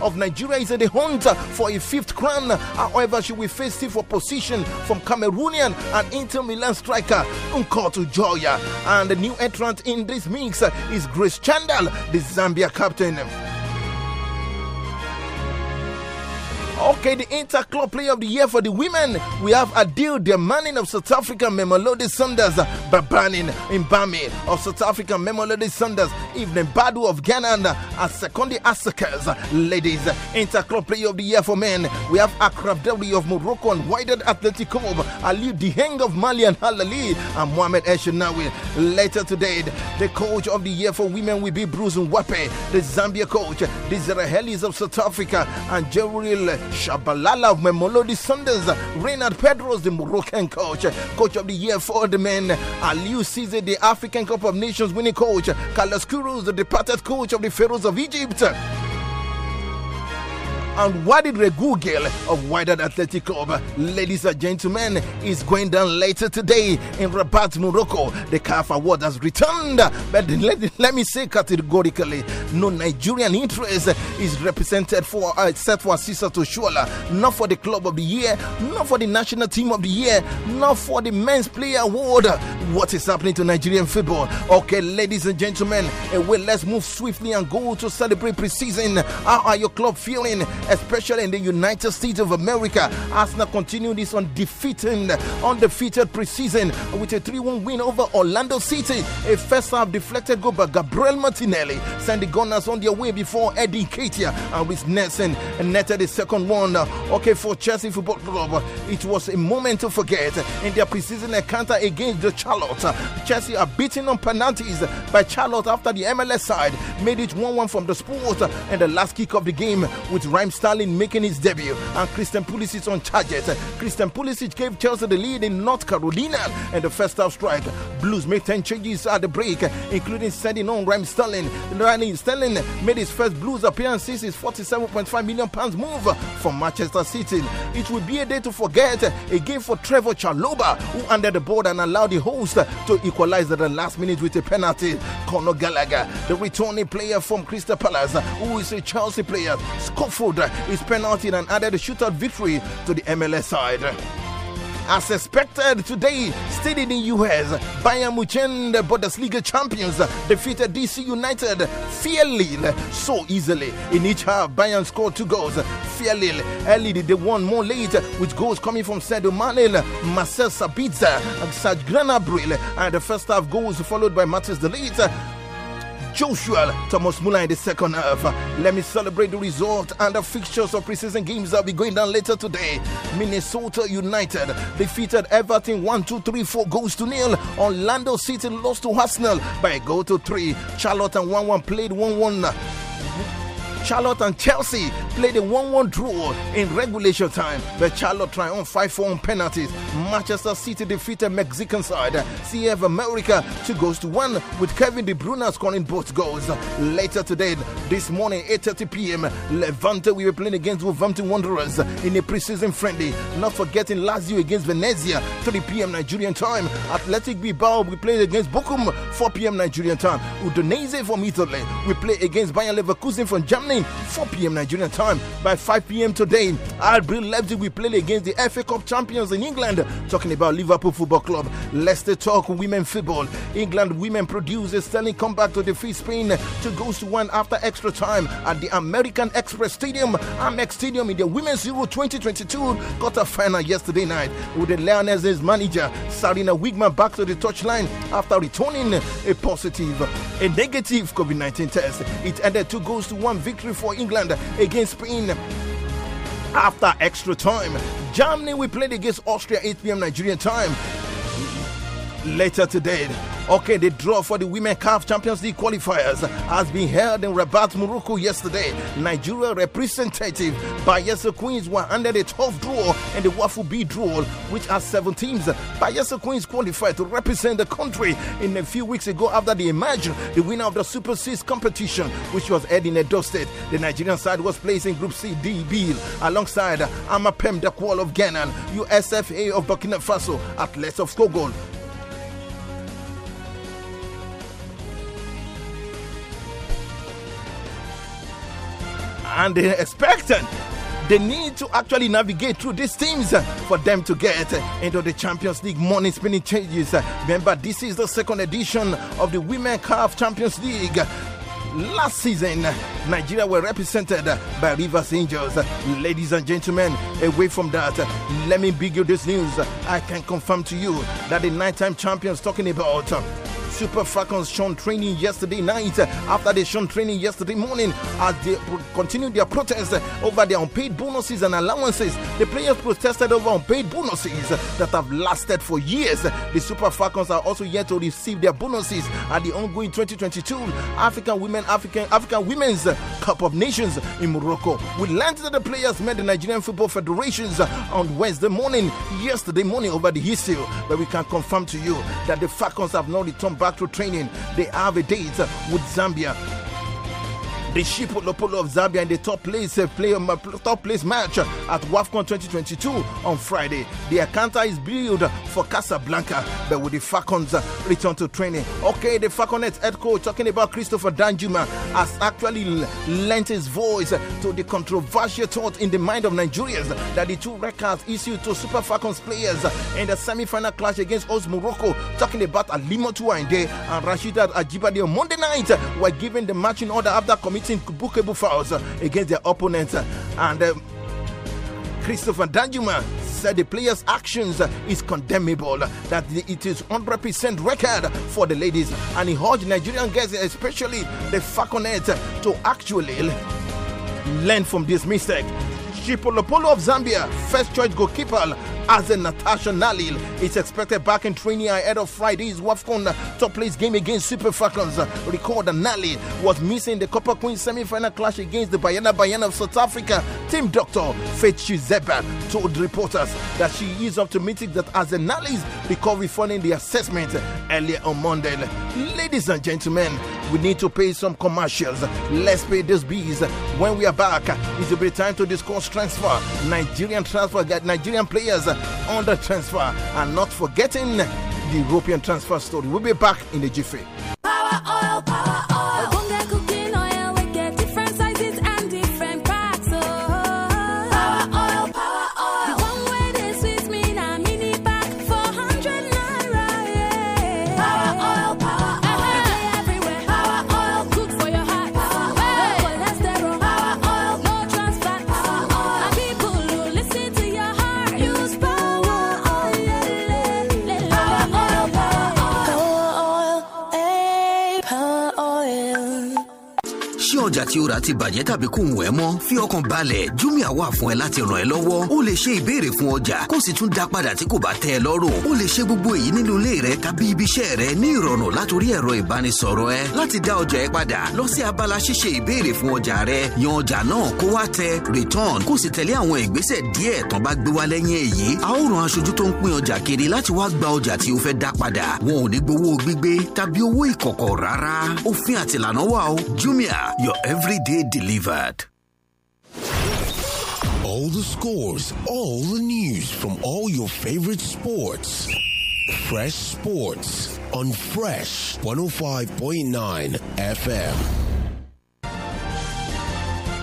of Nigeria is in the hunt for a fifth crown. However, she will face stiff opposition from Cameroonian and Inter Milan striker Nkoto Joya. And the new entrant in this mix is Grace Chandal, the Zambia captain. Okay, the Inter Club Player of the Year for the women, we have Adil Demanin of South Africa, Memolodi Sanders, Babanin Mbami of South Africa, Memolodi Sanders, Evening Badu of Ghana, and Sekondi Asakas. Ladies, Inter Club Player of the Year for men, we have Akrab W of Morocco and Wydad Athletic Club, Ali Diheng of Mali and Halali, and Mohamed Eshinawi. Later today, the coach of the year for women will be Bruce Wape, the Zambia coach, the Zerahelis of South Africa, and Jerry Shabalala of Memolodi Sundays, Reynard Pedros, the Moroccan coach, coach of the year for the men, Aliu Cize the African Cup of Nations winning coach, Carlos Kouros, the departed coach of the Pharaohs of Egypt and Wadid Regugel of Wydad Athletic Club. Ladies and gentlemen, is going down later today in Rabat, Morocco. The CAF Award has returned, but let, let me say categorically, no Nigerian interest is represented for uh, except for Sisa Toshuola, not for the club of the year, not for the national team of the year, not for the men's player award. What is happening to Nigerian football? Okay, ladies and gentlemen, uh, well, let's move swiftly and go to celebrate preseason. How are your club feeling? especially in the United States of America. Arsenal continued this undefeated, undefeated preseason with a 3 1 win over Orlando City. A first half deflected goal by Gabriel Martinelli sent the Gunners on their way before Eddie Katia and with Nelson netted the second one. Okay, for Chelsea Football Club, it was a moment to forget in their preseason encounter against the Charlotte. Chelsea are beaten on penalties by Charlotte after the MLS side made it 1 1 from the sport and the last kick of the game with Ryan Raheem Sterling making his debut and Christian Pulisic on charges. Christian Pulisic gave Chelsea the lead in North Carolina and the first half strike. Blues made 10 changes at the break, including sending on Raheem Sterling. Raheem Sterling made his first Blues appearance since his 47.5 million pounds move from Manchester City. It will be a day to forget, a game for Trevor Chaloba who under the board and allowed the host to equalize at the last minute with a penalty. Conor Gallagher, the returning player from Crystal Palace, who is a Chelsea player, scuffled his penalty and added a shootout victory to the MLS side. As expected today, still in the US, Bayern Munich, the Bundesliga champions, defeated DC United fairly so easily. In each half, Bayern scored two goals fairly early. They won more late with goals coming from Sadio Mane, Marcel Sabitzer, and Serge Granabril. And the first half goals followed by Matthias Delete Joshua Thomas Muller in the second half. Let me celebrate the result and the fixtures of preseason games that will be going down later today. Minnesota United defeated Everton 1 2 3 4 goals to nil. Orlando City lost to Arsenal by a goal to 3. Charlotte and 1 1 played 1 1. Charlotte and Chelsea played a 1 1 draw in regulation time, but Charlotte triumphed 5 4 on penalties. Manchester City defeated Mexican side CF America 2 goals to 1 with Kevin De Bruyne scoring both goals. Later today, this morning, 8.30 p.m., Levante will be playing against Wolverhampton Wanderers in a preseason friendly. Not forgetting Lazio against Venezia, 3 p.m. Nigerian time. Athletic Bilbao will played against Bochum, 4 p.m. Nigerian time. Udinese from Italy will play against Bayern Leverkusen from Germany morning, 4 p.m. Nigerian time. By 5 p.m. today, RB Leipzig will play against the FA Cup champions in England. Talking about Liverpool Football Club, Leicester talk women football. England women produce a stunning comeback to defeat Spain to go to one after extra time at the American Express Stadium, Amex Stadium in the Women's Euro 2022 quarter final yesterday night with the Lionesses manager Sarina Wigman back to the touchline after returning a positive, a negative COVID 19 test. It ended two goals to one victory victory for England against Spain after extra time. Germany, we played against Austria 8 p.m. Nigerian time later today. Okay, the draw for the Women Cup Champions League qualifiers has been held in Rabat, Morocco yesterday. Nigeria representative Bayelsa Queens were under the tough draw in the Waffle B draw, which are seven teams. Bayelsa Queens qualified to represent the country in a few weeks ago after they emerged the winner of the Super 6 competition, which was held in Edo State. The Nigerian side was placed in Group C D B alongside Amapem Dakwal of Ghana, USFA of Burkina Faso, Athletes of Togo, and they expect they need to actually navigate through these teams for them to get into the Champions League money spinning changes. Remember, this is the second edition of the Women Calf Champions League. Last season, Nigeria were represented by Rivers Angels. Ladies and gentlemen, away from that, let me bring you this news. I can confirm to you that the nighttime champions talking about Super Falcons shone training yesterday night after they shone training yesterday morning as they continued their protest over their unpaid bonuses and allowances. The players protested over unpaid bonuses that have lasted for years. The Super Falcons are also yet to receive their bonuses at the ongoing 2022 African Women African African Women's Cup of Nations in Morocco. We learned that the players met the Nigerian Football Federations on Wednesday morning, yesterday morning over the issue, but we can confirm to you that the Falcons have not returned back back to training. They have a date with Zambia the Shipolopolo of Zambia in the top place uh, play um, top place match at WAFCON 2022 on Friday. The Akanta is billed for Casablanca, but with the Falcons uh, return to training. Okay, the Falconets head coach talking about Christopher Danjuma has actually lent his voice to the controversial thought in the mind of Nigerians that the two records issued to Super Falcons players in the semi-final clash against Os Morocco, talking about Alimo Tuainde and Rashidat Ajibade on Monday night, were given the matching order after committing committing bookable fouls against their opponents. And um, Christopher Danjuma said the players' actions is condemnable, that it is 100% record for the ladies, and he urged Nigerian girls, especially the Falconets, to actually learn from this mistake polo of Zambia, first choice goalkeeper as in Natasha Nalil is expected back in training ahead of Friday's WAFCON top place game against Super Falcons. Record that Nalil was missing the Copper Queen semi-final clash against the Bayana Bayana of South Africa. Team doctor Faith Chizeba told reporters that she is optimistic that as Nalil's recovery following the assessment earlier on Monday. Ladies and gentlemen, we need to pay some commercials. Let's pay these bees. When we are back, it will be time to discuss transfer. Nigerian transfer, Nigerian players under transfer, and not forgetting the European transfer story. We'll be back in the jiffy. Power, oil, power. ọjà tí o rà ti bàjẹ́ tàbí kò wọ́n mọ́ fi ọkàn balẹ̀ jumia wà fún ẹ láti ràn ẹ lọ́wọ́ o lè ṣe ìbéèrè fún ọjà kó o sì tún dá padà tí kò bá tẹ́ ẹ lọ́rùn o lè ṣe gbogbo èyí nínú ilé rẹ tàbí ibi rẹ ní ìrọ̀rùn látòrí ẹ̀rọ ìbánisọ̀rọ̀ ẹ láti dá ọjà ẹ padà lọ sí abala ṣíṣe ìbéèrè fún ọjà rẹ yan ọjà náà kó wá tẹ return kó o sì tẹ̀lé àwọn ìgbésẹ̀ díẹ̀ tán bá gbé a ó rán every day delivered. All the scores, all the news from all your favorite sports. Fresh Sports on Fresh 105.9 FM.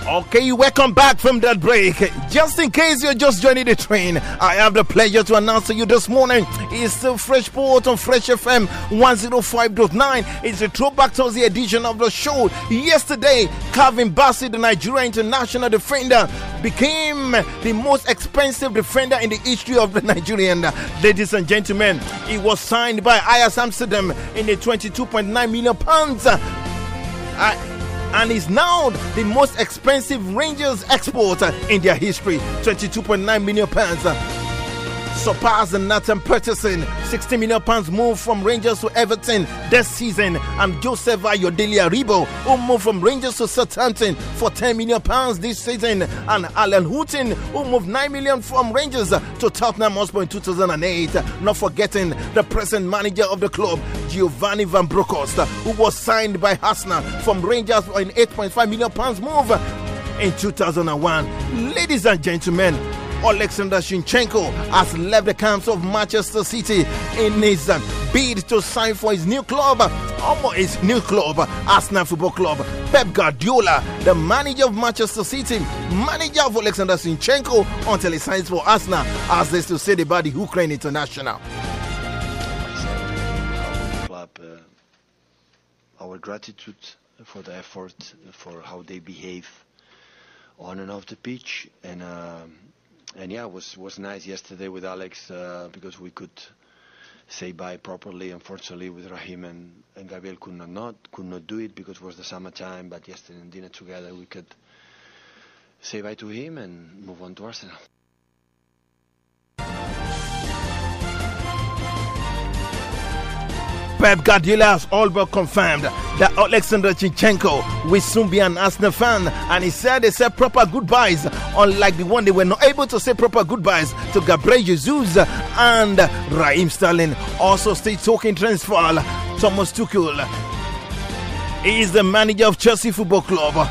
Okay, welcome back from that break. Just in case you're just joining the train, I have the pleasure to announce to you this morning it's the Fresh Port on Fresh FM 105.9. It's a throwback to the edition of the show. Yesterday, Calvin Bassey, the Nigerian international defender, became the most expensive defender in the history of the Nigerian. Ladies and gentlemen, it was signed by Ajax Amsterdam in a 22.9 million pounds and is now the most expensive Rangers export in their history, 22.9 million pounds surpassing Nathan Purchasing. 60 million pounds move from Rangers to Everton this season. And Joseph Ayodelia Ribo, who moved from Rangers to Southampton for 10 million pounds this season. And Alan Houghton who moved 9 million from Rangers to Tottenham Hotspur in 2008. Not forgetting the present manager of the club, Giovanni Van Bronckhorst, who was signed by Hasna from Rangers for an 8.5 million pounds move in 2001. Ladies and gentlemen, Alexander Shinchenko has left the camps of Manchester City in his bid to sign for his new club, almost his new club, Arsenal Football Club. Pep Guardiola, the manager of Manchester City, manager of Alexander Shinchenko until he signs for Arsenal, as this to say about the Ukraine international. Uh, our gratitude for the effort, for how they behave on and off the pitch, and. Um, and Yeah, it was nice yesterday with Alex uh, because we could say bye properly. Unfortunately, with Raheem and Gabriel could not do it because it was the summertime. Yesterday in dinner together, we could say bye to him and move on to Arsenal. Pep Guardiola has all but confirmed that Alexander Chichenko will soon be an Arsenal fan, and he said they said proper goodbyes, unlike the one they were not able to say proper goodbyes to Gabriel Jesus and Raheem Sterling. Also, stay talking transfer. Thomas Tuchel he is the manager of Chelsea Football Club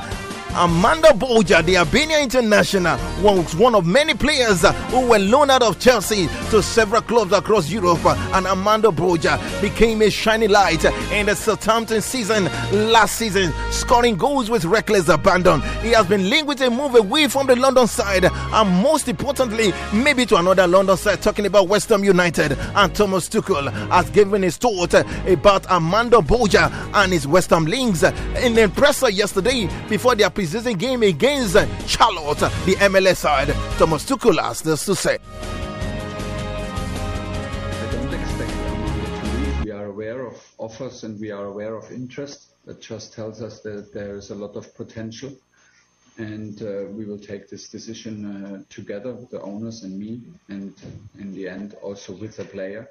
Amanda Bolger, the Albania international, was one of many players uh, who were loaned out of Chelsea to several clubs across Europe. Uh, and Amanda Bolger became a shining light uh, in the Southampton season last season, scoring goals with reckless abandon. He has been linked with a move away from the London side, and most importantly, maybe to another London side. Talking about West Ham United, and Thomas Tuchel has given his thought about Amanda Bolger and his West Ham links in the presser yesterday before the preseason game against Charlotte, the MLS side. Thomas Tuchel has this to say. I don't expect to leave. We are aware of offers and we are aware of interest. That just tells us that there is a lot of potential. And uh, we will take this decision uh, together, the owners and me, and in the end also with the player.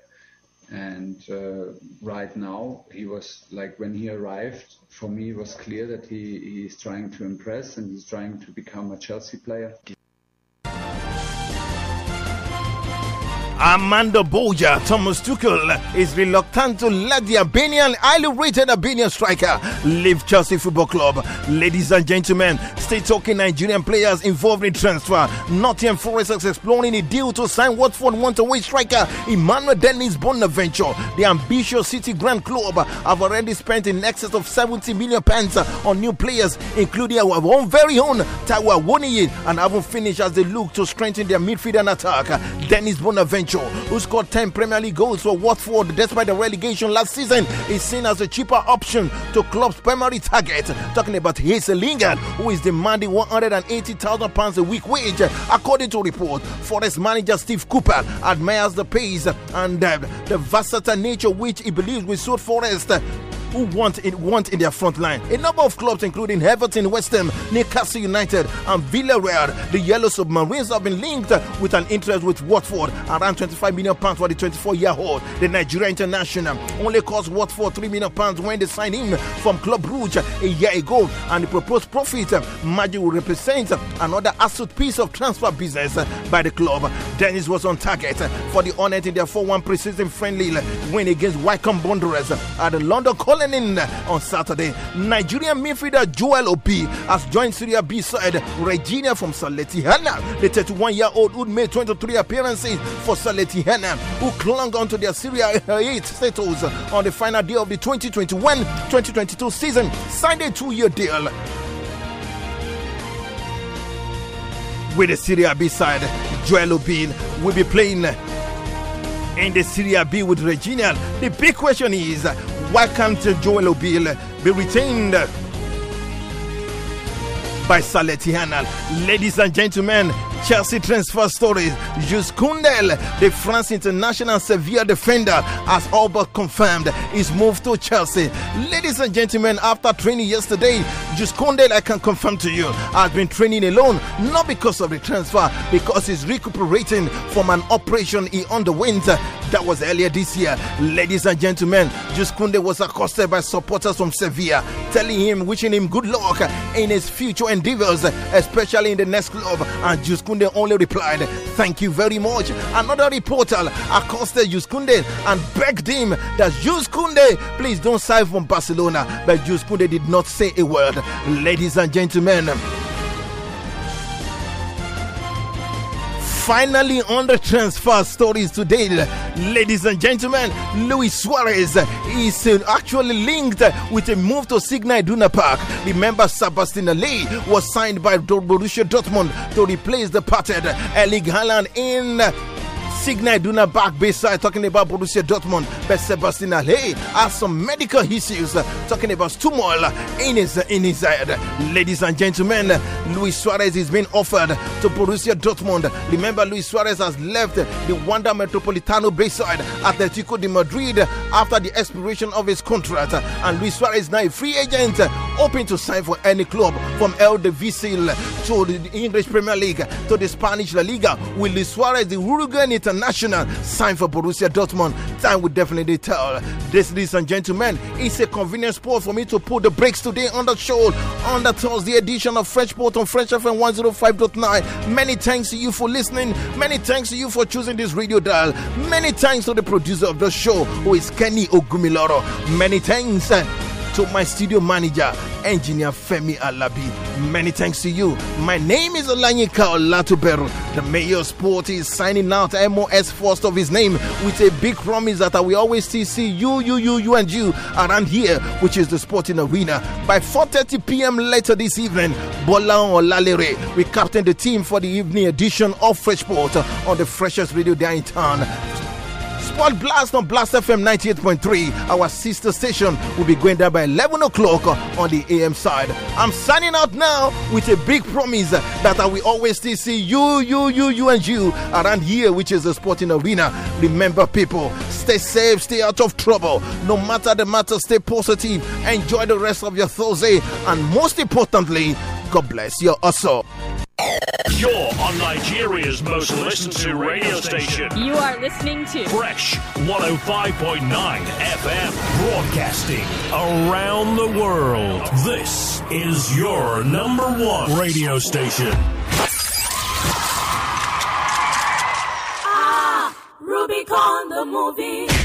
And uh, right now, he was like when he arrived, for me it was clear that he, is trying to impress and he's trying to become a Chelsea player. Amanda Boja, Thomas Tuchel is reluctant to let the Albanian, highly rated Albanian striker leave Chelsea Football Club. Ladies and gentlemen, stay talking Nigerian players involved in transfer. Nottingham Forest is exploring a deal to sign Watford one-away striker Emmanuel Dennis Bonaventure. The ambitious City Grand Club have already spent in excess of 70 million pounds on new players, including our own very own Tawa Woniyin, and haven't finished as they look to strengthen their midfield and attack. Dennis Bonaventure Sancho, who scored 10 Premier League goals for Watford despite the relegation last season, is seen as a cheaper option to club's primary target. Talking about his Lingard, who is demanding £180,000 a week wage. According to report, Forest manager Steve Cooper admires the pace and uh, the versatile nature which he believes will suit Forest who want in, want in their front line. A number of clubs, including Everton, West Ham, Newcastle United, and Villarreal, the Yellow Submarines have been linked with an interest with Watford around 25 million pounds for the 24-year-old. The Nigerian international only cost Watford 3 million pounds when they signed him from Club Rouge a year ago, and the proposed profit margin will represent another asset piece of transfer business by the club. Dennis was on target for the honor in their 4-1 preseason friendly win against Wycombe Wanderers at the London College on Saturday. Nigerian midfielder Joel Obi has joined Syria B side Regina from Saletihana. The 31 year old who made 23 appearances for Saletihana, who clung onto their Syria 8 status on the final day of the 2021 2022 season, signed a two year deal. With the Syria B side, Joel Obi will be playing in the Syria B with Regina. The big question is why can't Joel Obil be retained by Saletiana? Ladies and gentlemen, Chelsea transfer story. Jus Kundel, the France international Sevilla defender, has all but confirmed his move to Chelsea. Ladies and gentlemen, after training yesterday, Jus Kundel, I can confirm to you, has been training alone, not because of the transfer, because he's recuperating from an operation he underwent uh, that was earlier this year. Ladies and gentlemen, Jus Kundel was accosted by supporters from Sevilla, telling him, wishing him good luck in his future endeavors, especially in the next club. And Jus Yuskunde only replied, Thank you very much. Another reporter accosted Yuskunde and begged him that Yuskunde, please don't sign from Barcelona. But Yuskunde did not say a word. Ladies and gentlemen, Finally, on the transfer stories today, ladies and gentlemen, Luis Suarez is uh, actually linked with a move to Signal Iduna Park. Remember, Sebastian Lee was signed by Borussia Dortmund to replace the parted Erling Haaland in Signai Duna back bayside talking about Borussia Dortmund, but Sebastian Halle has some medical issues, uh, talking about turmoil in his, in his head. Ladies and gentlemen, Luis Suarez is being offered to Borussia Dortmund. Remember, Luis Suarez has left the Wanda Metropolitano Bayside Atletico de Madrid after the expiration of his contract, and Luis Suarez now a free agent, hoping to sign for any club from El Devisil to the English Premier League to the Spanish La Liga. Will Luis Suarez, the Uruguayan international international sign for Borussia Dortmund. Time will definitely tell. This, ladies and gentlemen, it's a convenient spot for me to put the brakes today on the show on the Thursday edition of French Port on French FM 105.9. Many thanks to you for listening. Many thanks to you for choosing this radio dial. Many thanks to the producer of the show, who is Kenny Ogumiloro. Many thanks to my studio manager, engineer Femi Alabi. Many thanks to you. My name is Olanyika Olatuberu. The mayor of sport is signing out MOS first of his name with a big promise that I will always see, see you, you, you, you, and you around here, which is the sporting arena. By 4.30 p.m. later this evening, Bola Olalere will captain the team for the evening edition of Fresh Sport on the freshest radio there in town. Sport Blast on Blast FM 98.3, our sister station, will be going there by 11 o'clock on the AM side. I'm signing out now with a big promise that I will always still see you, you, you, you, and you around here, which is the sporting arena. Remember, people, stay safe, stay out of trouble. No matter the matter, stay positive. Enjoy the rest of your Thursday, and most importantly, God bless your hustle. You're on Nigeria's most listened to radio station. You are listening to Fresh 105.9 FM, broadcasting around the world. This is your number one radio station. Ah, Rubicon the movie.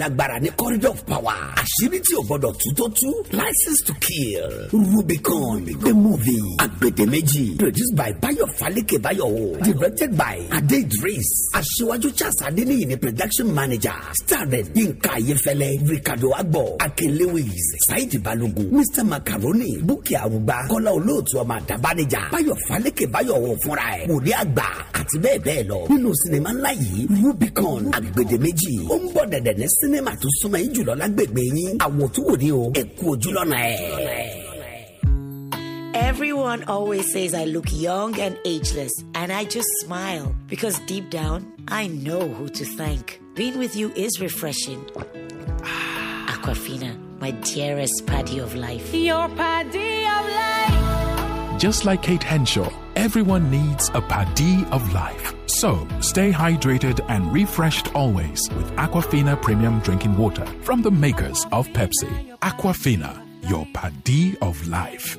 lágbára ní corridor of power àṣírí tí o gbọdọ̀ tú tó tú license to kill rubicon the movie agbedeméjì produced by bayo falike bayo directed by ade idris aṣíwájú charles adeniyi ni production manager starred yinka ayefẹlẹ ricardo agbo akin lewis saidi balogun mr macaroni bukki arugba kọlá olóòtú ọmọ àdàbánijà bayo falike bayo wọ fúnra ẹ wòlíì àgbà àti bẹ́ẹ̀ bẹ́ẹ̀ lọ nínú sinimá ńlá yìí rubicon agbedeméjì ó ń bọ̀ dẹ̀dẹ̀ ní sin sinima tó súnmọ́ yín jùlọ lágbègbè yín àwòtúwòde o ẹ kú ojúlọ́nà ẹ̀. Everyone always says I look young and ageless, and I just smile because deep down, I know who to thank. Being with you is refreshing. Aquafina, my dearest paddy of life. Your paddy of life. Just like Kate Henshaw, everyone needs a paddy of life so, stay hydrated and refreshed always with Aquafina Premium Drinking Water from the makers of Pepsi. Aquafina, your padi of life.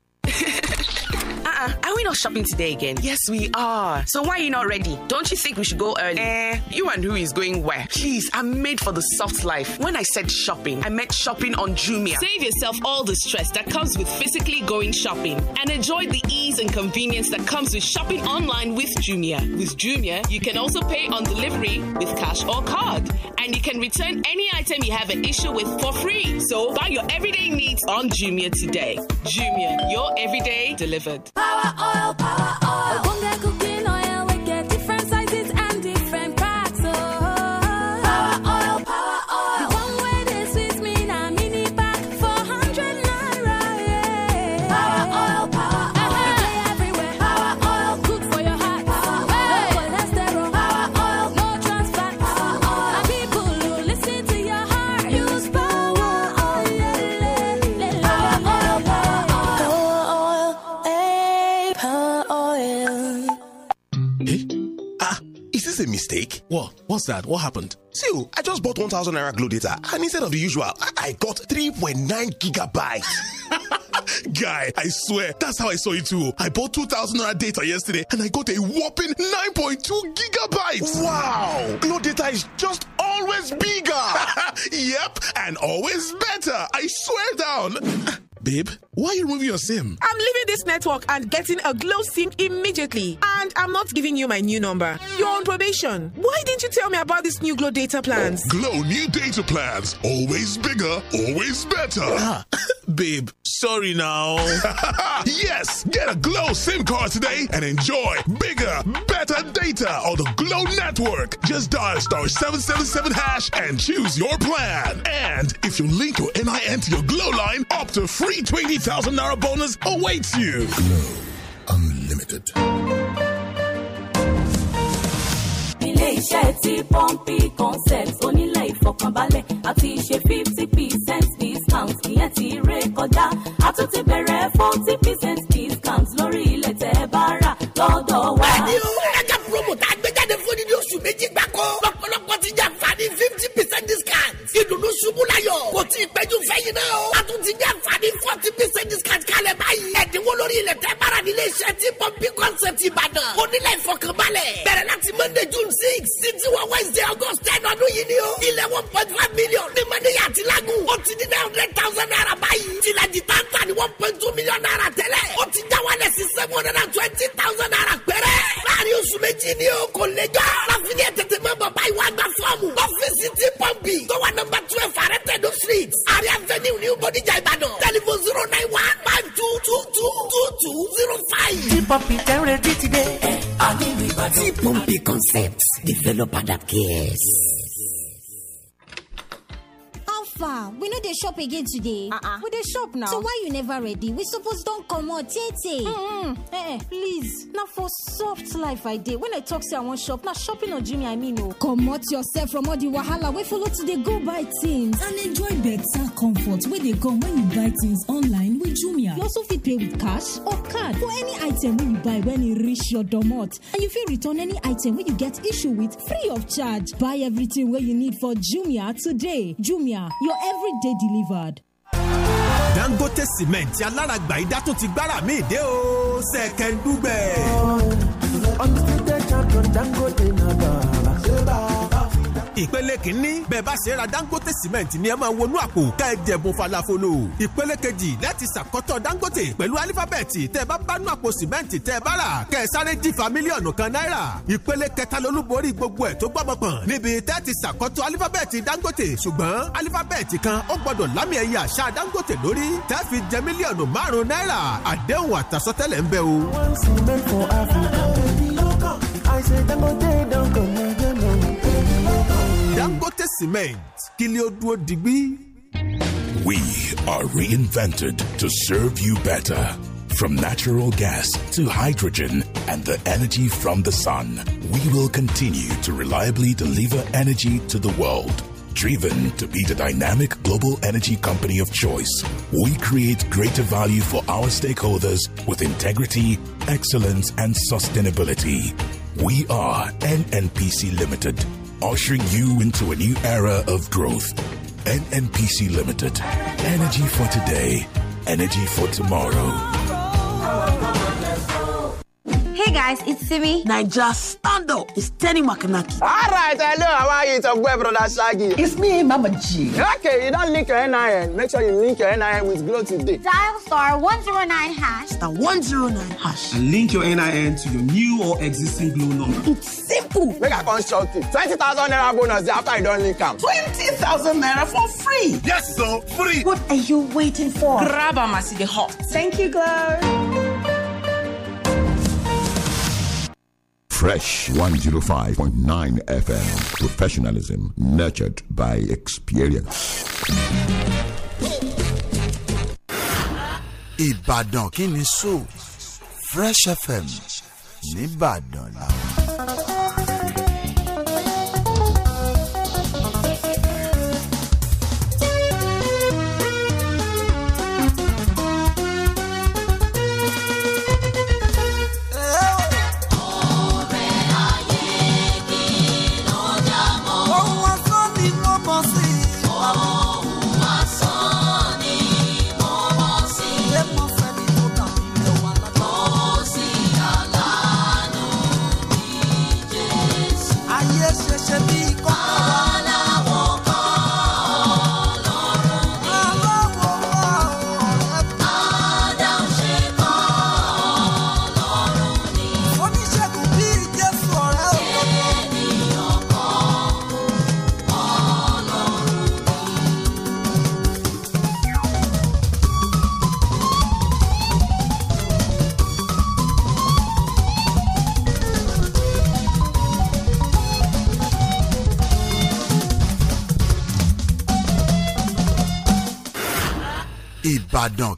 uh Are we not shopping today again? Yes, we are. So why are you not ready? Don't you think we should go early? Eh, you and who is going where? Please, I'm made for the soft life. When I said shopping, I meant shopping on Jumia. Save yourself all the stress that comes with physically going shopping and enjoy the ease and convenience that comes with shopping online with Jumia. With Jumia, you can also pay on delivery with cash or card. And you can return any item you have an issue with for free. So buy your everyday needs on Jumia today. Jumia, your every day delivered. Power oil, power oil. mistake? What? What's that? What happened? See, oh, I just bought 1000 Naira Glow data and instead of the usual, I got 3.9 gigabytes. Guy, I swear, that's how I saw you too. I bought 2000 Naira data yesterday and I got a whopping 9.2 gigabytes. Wow! Glow data is just always bigger. yep, and always better. I swear down. Babe, why are you removing your SIM? I'm leaving this network and getting a Glow SIM immediately. And I'm not giving you my new number. You're on probation. Why didn't you tell me about this new Glow data plans? Glow new data plans. Always bigger, always better. Ah, babe story now. yes, get a Glow SIM card today and enjoy bigger, better data on the Glow network. Just dial star 777 hash and choose your plan. And if you link your NIN to your Glow line, up to free 20,000 Naira bonus awaits you. Glow Unlimited. ilé iṣẹ́ ti pọ́ǹpì concept onílé ìfọkànbalẹ̀ àti ṣe fifty percent discount ìyẹn ti ré kọjá a tún ti bẹ̀rẹ̀ forty percent discount lórí ilẹ̀ tẹ́ bá rà lọ́dọ̀ wa. bẹ́ẹ̀ni o ẹja promo tá a gbé jáde fún ní oṣù méjì gbáko lọ́pọ̀lọpọ̀ ti jàǹfààní fifty percent discount ìdùnnú ṣubú láyọ̀ kò tí ì péjú fẹ́yìn náà o a tún ti jàǹfààní forty percent discount kalẹ̀ báyìí ẹ̀dínwó lórí ilẹ̀ tẹ́ bá rà nílé iṣẹ́ tí pọ́ńpì concept ìbàdàn onílẹ̀ ìfọkànbalẹ̀ bẹ̀rẹ̀ láti monday june six sí tiwọn wednesday august ten ọdún yìí ni o ilẹ̀ one point five million ní concepts, develop that cares. Alpha, We know they shop again today. Uh-uh. We they shop up now. so why you never ready we suppose don't come out, tey. Mm -mm. Eh, eh please now for soft life i did. when i talk say i want shop Now shopping on ojimi i mean oh. Come comot yourself from all the wahala wey follow to dey go buy things. and enjoy better comfort Where they come when you buy things online with jumia. you also fit pay with cash or card for any item when you buy when you e reach your domot and you feel return any item when you get issue with free of charge. buy everything where you need for jumia today jumia your everyday delivered. Dangote cement alárágbà idá tún ti gbára mi dé o ṣẹ̀kẹ̀ ń dúgbẹ̀. ọ̀nà ti tẹ̀ champion Dangote náà bá a ìpele kìíní bẹ́ẹ̀ bá ṣe ra dangote cement ni ẹ máa wọnú àpò ká ẹ jẹ̀bùn falafolo ìpele kejì láti ṣàkọ́tọ̀ dangote pẹ̀lú alifábẹ́ẹ̀tì tẹ́ bá bánú àpò cement tẹ́ bá rà kẹ́ ẹ sáré jìfà mílíọ̀nù kan náírà ìpele kẹta lolúborí gbogbo ẹ̀ tó gbọ́mọpọ̀n níbi tẹ́ ti ṣàkọ́tọ̀ alifábẹ́ẹ̀tì dangote ṣùgbọ́n alifábẹ́ẹ̀tì kan ó gbọ́dọ̀ lámì ẹ̀yẹ àṣà dangote lórí tẹ́ fi jẹ mílíọ̀nù márùn náírà àdéhùn àtàsọtẹ́lẹ̀ ń bẹ o. Cement digbí. We are reinvented to serve you better. From natural gas to hydrogen and the energy from the sun, we will continue to reliably deliver energy to the world. Driven to be the dynamic global energy company of choice, we create greater value for our stakeholders with integrity, excellence, and sustainability. We are NNPC Limited ushering you into a new era of growth. NNPC Limited. Energy for today, energy for tomorrow. Hey guys, it's Simi. Niger stand up. It's Tenny Makanaki. All right, hello. How are you? It's your boy, brother Shaggy. It's me, Mama G. Okay, you don't link your NIN. Make sure you link your NIN with Glow today. Dial star 109 hash. Star 109 hash. And link your NIN to your new or existing Glow number. It's simple. Make a consult it. 20,000 naira bonus after you don't link them. 20,000 naira for free. Yes, so free. What are you waiting for? Grab a as hot. Thank you, Glow. Fresh 105.9 FM. Professionalism nurtured by experience. Ìbàdàn kí ni so Fresh FM nìbàdàn làwọn.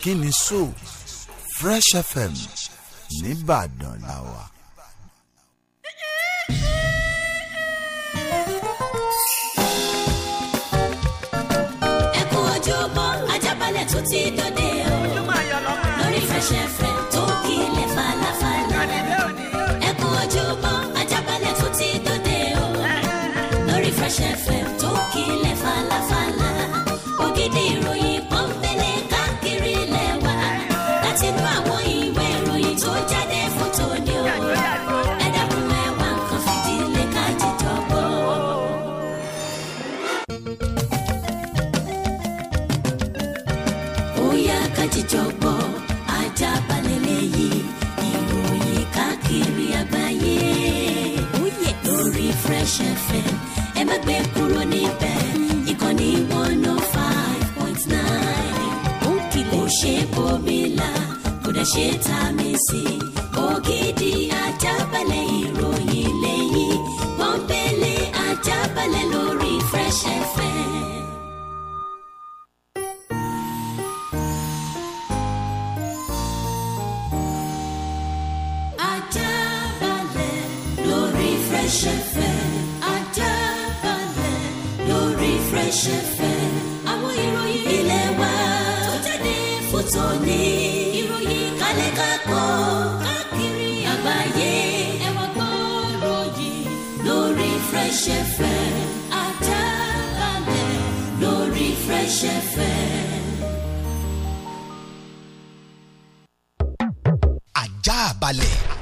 kíni so Fresh FM nìbàdàn làwà. kò ṣe bòmílà kò dẹ̀ ṣe tà mí sí i ògidì ajábalẹ̀ ìròyìn lẹ́yìn pọ́npẹ́lẹ́ ajábalẹ̀ lórí Fresh FM. Fresh FM Àjààbálẹ̀ lórí Fresh FM. Àjààbálẹ̀.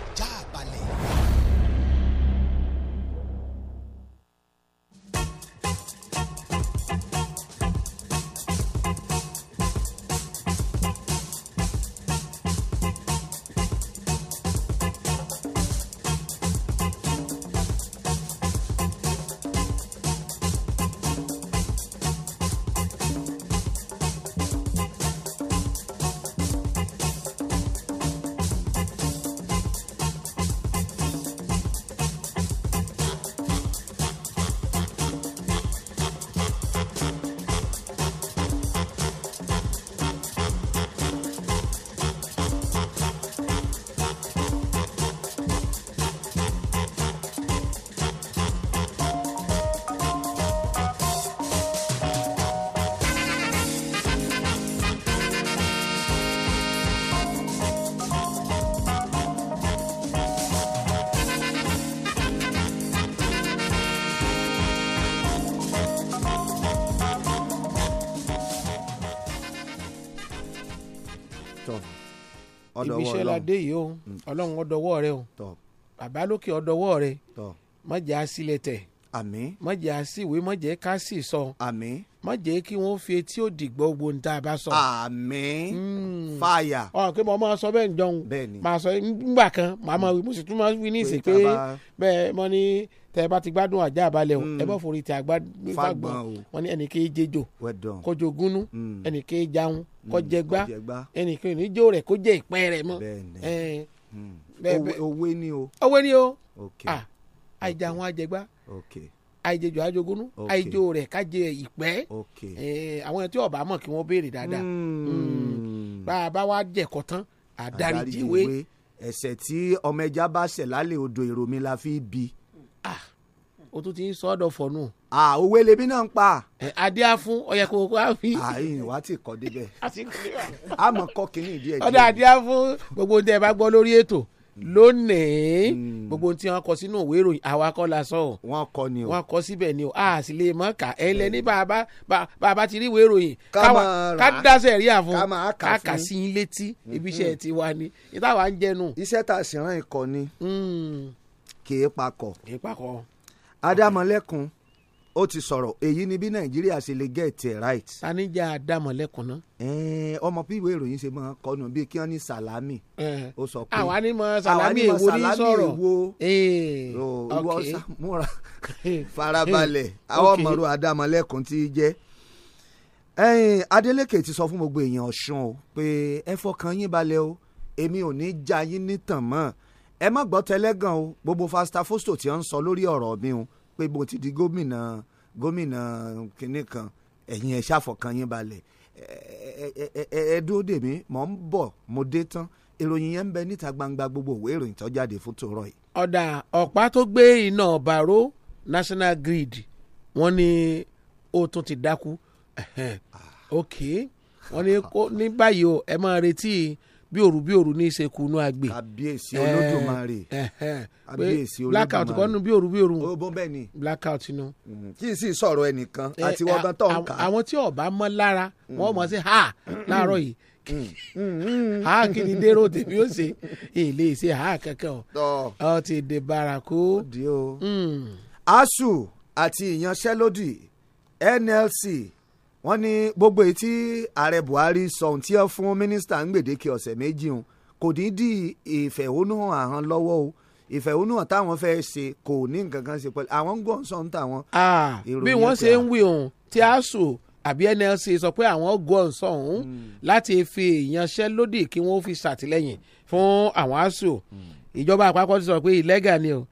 ibi iṣẹ́ la dé yìí o mm. ọlọ́run ọdọwọ́ rẹ o bàbá lókè ọdọwọ́ rẹ má jà á sílẹ̀ àmín. má jẹ́ àsìwé má jẹ́ ká sì sọ. àmín. má jẹ́ kí wọ́n fi etí òdì gbọ́ gbogbo ní tá a bá sọ. àmín. Hmm. fàyà. ọ pé mo máa sọ bẹ́ẹ̀ ń jọun. bẹ́ẹ̀ni. máa sọ nígbà kan màá máa wí mo sì tún máa wí ní ìsìn pé bẹ́ẹ̀ mo ní tẹ ẹ bá ti gbádùn àjà àbálẹ̀ o ẹ bá hmm. forí ti àgbà gbàgbọ́n wọn ní ẹnì kejì jẹjọ kọjọ gúnú ẹnì kejì jàun kọjẹ hmm. gbá ẹnì kejì níjó rẹ kó ìpẹ́ rẹ mọ́. owó ni o. owó ni o. ok ah, àìjà àwọn àjẹgbá àìjẹjọ àjogúnú àìjọ rẹ kájẹ ìpẹ́ àwọn tí ọba mọ̀ kí wọ́n béèrè dáadáa hmm. bá a bá wá jẹkọ tán àdáríjìwé. ẹ̀ṣẹ̀ tí ọmọ ẹja bá ṣẹ̀ lálẹ́ odò èrò mi la fi bi. ah o tún ti ń sọ ọdọ fọnù. à owó elébi náà ń pa. adé á fún ọyẹ kò kó á fi. àyìn wa ti kọ débẹ̀. a mọ̀ kọ́ kínní ìdí ẹ̀ díẹ̀. ọ̀dà adé á fún gbogbo tẹ́ bá gbọ́ lórí ètò lónìí hmm. gbogbo tí wọn kọ sínú òwe ìròyìn àwa kọ́ la sọ o wọn kọ ni o wọn kọ síbẹ̀ ni o a sì lè mọ ká ẹ lẹ ní hmm. bàbá bàbá ti rí ìwé ìròyìn ká dáṣẹ rí àfún ká kà sí i létí ibi iṣẹ́ hmm. ti wa ni ìtawà ń jẹnu. iṣẹ́ tá a sì rán kì í pakọ̀. adámọ̀lẹ́kùn. Mm ó ti sọ̀rọ̀ èyí ni bí nàìjíríà ṣe lè get it right. ta ni jà dámọ̀lẹ́kùn náà. ẹẹ ọmọ bí ìwé ìròyìn ṣe máa kọnu bíi kí wọ́n ní sàlámì. ó sọ pé àwa ni mo sàlámì èwo ní sọ̀rọ̀ ìwọ sàmúra farabalẹ̀ àwọn ọmọọrọ adámọ̀lẹ́kùn ti jẹ́. adeleke ti sọ fún gbogbo èèyàn ọ̀ṣun o pé ẹ fọkàn yín balẹ̀ o èmi ò ní já yín nítàn mọ́ ẹ má gbọ́ tẹ́lẹ́gàn o gbogbo fasta fosto ti ń sọ lórí ọ̀rọ̀ mi o pé bó ti di gómìnà gómìnà kínní kan ẹ̀yin ẹ̀ ṣàfọ̀kàn yín balẹ̀ ẹ dúró dè mí ń bọ̀ mo dé tán ìròyìn yẹn ń bẹ níta gbangba gbogbo òwe ìròyìn tó jáde fún tòrọ yìí. ọ̀dà ọ̀pá tó gbé iná bàró National Grid wọ́n ní ó tún ti dákú ah. ok wọ́n ní báyìí o ẹ máa retí bí òru bí òru ní í ṣe kunu àgbè. àbíyèsí olódùmarè àbíyèsí olódùmarè blackout kọ́ nu bí òru bí òru. o bó bẹ́ẹ̀ ni. blackout nu. kí n sì sọ̀rọ̀ ẹnìkan eh, àti wọ́n gan tó ń kà. àwọn tí ọba mọ lára mm-hmm. wọn mọ sí ha láàárọ̀ yìí mm-hmm. ha kí ni dèrò tèmi ó ṣe èlé ṣe ha kankan ọ ti dé baraku. Mm. asu àti ìyanṣẹ́lódì NLC wọ́n ní gbogbo èyí tí ààrẹ Buhari sọ ohun tí ó fún mínísítà ń gbèdéke ọ̀sẹ̀ méjì hàn kò ní di ìfẹ̀hónúhàn àhán lọ́wọ́ o ìfẹ̀hónúhàn táwọn fẹ́ ṣe kò ní nǹkan kan ṣe pẹ̀lú àwọn gbọ̀nsán táwọn. bí wọ́n ṣe ń wí ohun tí ASUU àbí NLC sọ pé àwọn gbọ̀nsán ọ̀hún hmm. láti fi ìyanṣẹ́lódì kí wọ́n fi ṣàtìlẹ́yìn fún àwọn ASUU hmm. ìjọba àpapọ̀ ti sọ pé ìlẹ́gà ni o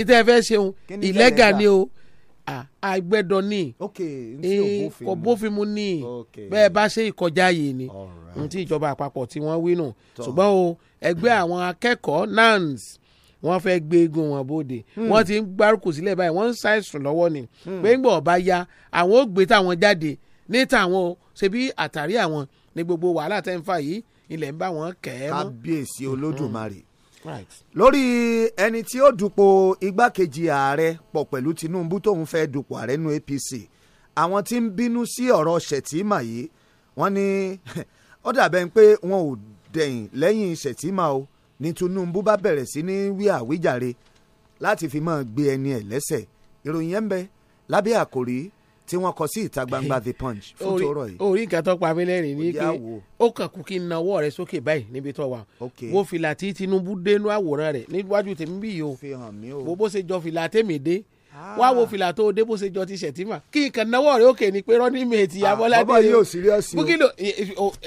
ìtẹ́ fẹ́ ṣeun ìlẹ́gà ni o àgbẹ̀dọ̀ ni kò bófin mu ni bẹ́ẹ̀ bá ṣe ìkọjá yìí ni ohun tí ìjọba àpapọ̀ tí wọ́n wí nù ṣùgbọ́n o ẹgbẹ́ àwọn akẹ́kọ̀ọ́ NANS wọ́n fẹ́ gbé egun wọn bóde hmm. wọ́n ti ń gbárùkù sílẹ̀ báyìí wọ́n ń ṣàìsùn lọ́wọ́ ni hmm. pé ń gbọ́ bá ya àwọn ò gbé táwọn jáde ní táwọn o ṣebí àtàrí àwọn ní gbogbo wàhálà tẹ́ ń fà yìí ilẹ̀ ń bá wọn kẹ́ ẹ́ mọ́. kábíyèsí hmm. olódùmarè lórí ẹni tí ó dupò igbákejì ààrẹ pọ̀ pẹ̀lú Tinubu tóun fẹ́ dupò ààrẹ nu APC àwọn tí ń bínú sí ọ̀rọ̀ Shettima yìí wọ́n ní ó dàbẹ̀ pé wọn ò dẹ̀yìn lẹ́yìn Shettima o ní Tinubu bá bẹ̀rẹ̀ sí ní wí àwíjàre láti fi máa gbé ẹni ẹ̀ lẹ́sẹ̀ ìròyìn yẹn ń bẹ lábẹ́ àkòrí tí wọ́n kọ sí ìta gbangba the punch fún tòrọ yìí. orí nǹkan tó pa mí lẹ́rìn ni pé ó kàn kú kí n nawọ́ rẹ sókè báyìí níbi tó wà wo fìlà tí Tinubu dénú àwòrán rẹ níwájú tèmi bí yìí o bó bó ṣe jọ fìlà tèmi dé ah. wá wo fìlà tó dé bó ṣe jọ ti ṣẹ̀tìmà kí nǹkan náwó rẹ̀ òkè ni pé running ah, abọ́ládé bókìlò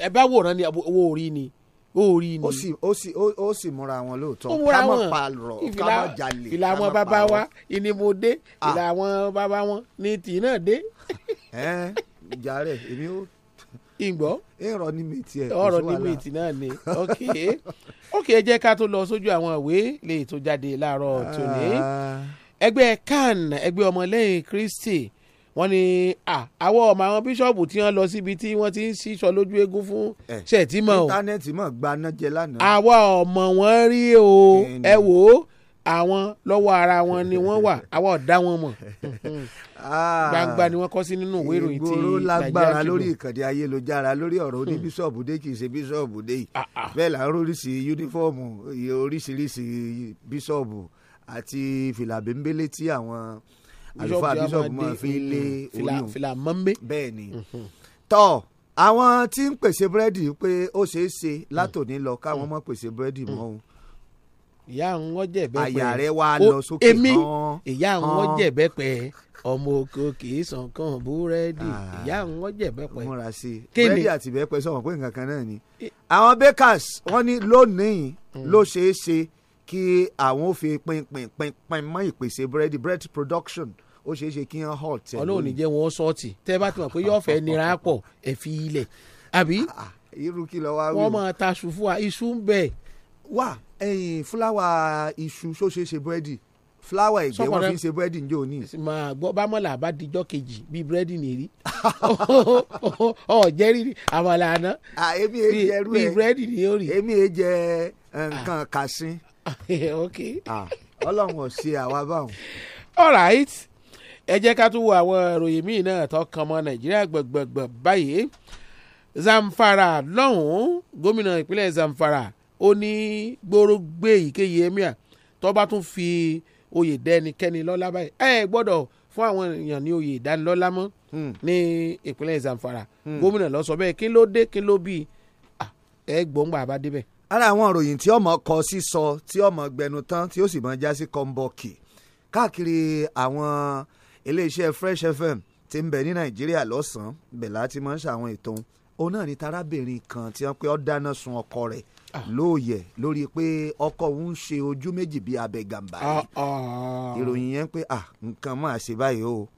ẹ bá wòran ni wo orí ni ó rí ni. ó sì ó sì ó sì múra wọn lóòótọ́ ká mọ̀ palọ̀ ká mọ̀ jalè ká mọ̀ palọ̀. ìlà àwọn bàbá wa ìní dé ah. ìlà àwọn bàbá wọn ni tì náà dé. ẹ jàre èmi ó. ìgbọ́. èrò ní mi tiẹ̀ kò sí wàhálà ọ̀rọ̀ ní mi tì ni ok ok jẹ́ ká tó lọ sójú àwọn ìwé lè tó jáde láàárọ̀ tòní ah. ẹgbẹ́ CAN ẹgbẹ́ ọmọlẹ́yìn Kristi wọ́n ní àwọ̀ ọmọ àwọn bíṣọ̀bù tí wọ́n lọ síbi tí wọ́n ti ń sísọ lójú eégún fún ṣètìmọ̀ o íńtánẹ́ẹ̀tì mọ̀ gba anájẹ lánàá. àwa ọmọ wọn rí o ẹ wò ó àwọn lọ́wọ́ ara wọn ni wọ́n wà àwa ọ̀dá wọn mọ̀ ah. gbangba ni wọ́n kọ sí nínú ìwé ìròyìn ti Nàìjíríà Tribune. lágbára lórí ìkànnì ayélujára lórí ọ̀rọ̀ hmm. oní bíṣọ̀bù dé kì í ṣe bíṣọ̀bù dé ah, ah. bẹ́ẹ̀ là ń róríṣi yúnífọ́ọ̀mù oríṣiríṣi bíṣọ̀bù àti fìlà bẹ́ńbélé tí àwọn àlùfáà bíṣọ̀bù máa fi lé eh, oyún fìlà mọ́ńbé. bẹ́ẹ̀ni mhm. tọ́ àwọn tí ń pèsè búrẹ́dì pé ó ṣeé ṣe látòní lọ káwọn mọ̀ mm. pèsè búrẹ́dì mọ́ mm. o ìyá àwọn ọjẹ bẹ́ẹ̀ pẹ́ àyà rẹ wá lọ sókè kan èmi ìyá àwọn ọjẹ bẹ́ẹ̀ pẹ́ ọmọ oko kì í sàn kan búrẹ́dì ah. ìyá àwọn ọjẹ bẹ́ẹ̀ pẹ́. múra sí i búrẹ́dì àti bẹ́ẹ̀ pẹ́ sọ̀rọ̀ pé nǹkan kan náà ni. àwọn bakers wọ́n ní lónìí mm. ló ṣeé ṣe. Mm kí àwọn ò fi pinpin pinpin mọ́ ìpèsè búrẹ́dì bread production ó ṣeé ṣe kí wọ́n halt ẹ̀ lónìí. ọlọ́run ní jẹ́ wọn sọ́ọ̀tì tẹ́ bá ti mọ̀ pé yóò fẹ́ nira pọ̀ ẹ̀ fi ilẹ̀ àbí. Ah, ah, irú kí lọ wá wí. wọ́n máa ta ṣùfú wa iṣu ń bẹ̀. wà ẹyin fúláwà iṣu ṣó ṣeé ṣe búrẹ́dì fúláwà ẹ̀gẹ́ wọ́n fi ń ṣe búrẹ́dì ń jẹ́ òní. màá gbọ́ bámọ́là bá dijọ́ kejì bíi búrẹ́dì nìrí ọ̀ jẹ́ rí àmàlà àná ah, bíi búrẹ́dì ni ó rí. èmi è jẹ eh, nǹkan kàṣin ọlọ́run ò ṣe àwa báwọn. all right ẹ jẹ́ ká tún wo àwọn ìròyìn míì náà tó kan mọ́ nàìjíríà gbọ̀gbọ̀gbọ̀ báyìí zamfara lọ́hùn-ún gómìnà ìpínlẹ̀ zamfara ó ní gbòòrò gbé èyíkéyìí emir tó bá tún fi oyè dẹ́nikẹ́ni lọ́lá báyìí ẹ gbọ́dọ̀ fún àwọn èèyàn ní oyè ìdánilọ́lá mọ́ hmm. ní ìpínlẹ̀ zamfara hmm. gómìnà ló sọ bẹ́ẹ̀ kí ló dé kí ló bí ẹ gbọ́ngbà bá débẹ̀ ara àwọn ìròyìn tí ọmọ kọ sísọ tí ọmọ gbẹnu tán tí ó sì mọ jásí kọ́ńbọ̀kì káàkiri àwọn iléeṣẹ́ Fresh FM ti ń bẹ ní Nàìjíríà lọ́sàn-án bẹ̀ láti ṣàwọn ètò òun náà ni tarábìnrin kan tí wọ́n pé ó dáná sun ọkọ rẹ̀ Ah. lóòyẹ lórí pé ọkọ òun ń ṣe ojú méjì bíi abẹ gàmbá ah, ah. ìròyìn yẹn pé nǹkan máa ṣe báyìí o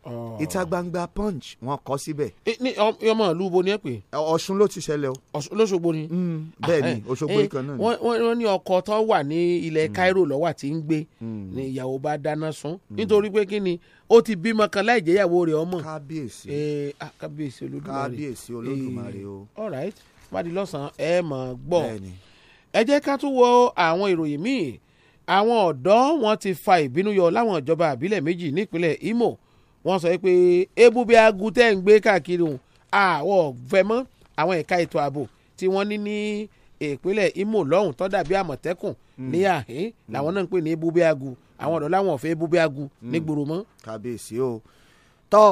ìta gbangba punch wọ́n kọ síbẹ̀. ní ọmọ ìlú bo ni ẹ pè. ọ̀ṣun ló ti ṣẹlẹ̀ o. ọ̀ṣun lóṣogbo ni. Mm, bẹ́ẹ̀ ni eh. òṣogbo eh, ìkan náà ni. wọ́n ní ọkọ tó wà ní ilẹ̀ mm. Cairo lọ́wọ́ àti ń gbé mm. ni ìyàwó bá dáná sun nítorí pé kí ni ó ti bímọ kan láì jẹ́yàwó rẹ̀ ọmọ. kábíyèsí eh, kábíyèsí olódùmarè kábíyèsí o. all right wádìí lọ́sàn-án ẹ máa gbọ́ ẹ jẹ́ ká tún wo àwọn ìròyìn míì àwọn ọ̀dọ́ wọn ti fa ìbínú yọ láwọn ìjọba àbílẹ̀ méjì nípínlẹ̀ Imo wọ́n sọ pé ebube agu tẹ́ ń gbé káàkiri òun àwọ̀ fẹ́ mọ́ àwọn ẹ̀ka ètò ààbò tí wọ́n ní ní ìpínlẹ̀ Imo lọ́hùn tó dàbí àmọ̀tẹ́kùn hmm. ní àhín làwọn náà ń pè ní ebube agu àwọn ọ̀dọ́ làwọn ò fẹ́ ebube agu hmm. nígboro mọ́. kàbíyèsí o tọ́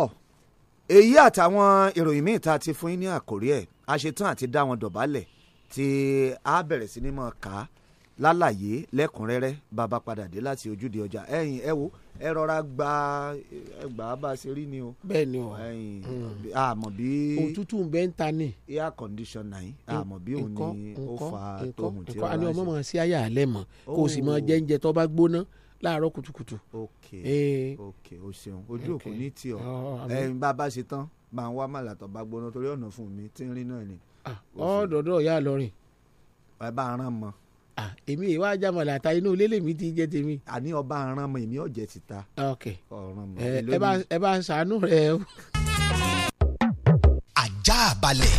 èyí àtàwọn ìròyìn míì ta ti fún yín ní àkórí ẹ̀ àṣetán àti dá wọn dọ̀bálẹ̀ tí a bẹ̀rẹ̀ sí ni mọ̀ ká lálàyé lẹ́kùnrẹ́rẹ́ bàbá padà dé láti ojúde ọjà ẹ̀yin ẹ wo ẹ rọra gba ẹgbà bá a ṣe rí ni o. bẹ́ẹ̀ni o ẹ̀yin àmọ́ hmm. bí. òtútù ń bẹ ń ta ni. air conditioner yìí àmọ́ bí òun ni ó fa tóhun tí ó rà sí. a ní ọmọ mọ̀ sí àyà àlẹ́ mọ̀ kó o sì mọ oh. jẹ́ńjẹ tó bá gbóná láàárọ̀ kùtùkùtù. ok eh. ok o ṣeun ojú òkú ní tiọ̀ oh, ẹ̀yin bá a bá ṣe tán máa wá màlà tó bá gbóná torí ọ̀nà fún mi tí ń rí náà ni ọ̀dọ̀dọ̀ ah, oh, ìyá àlọ́rìn. ẹ bá a rán mọ. Ah, èmi ìwà àjàmọ̀lá ta inú ilé lèmi ti jẹ́ tèmi. àní ọba aràn mọ èmi ọ̀jẹ̀ ti ta. Ah, ok ẹ bá ń ṣàánú rẹ ajá balẹ̀.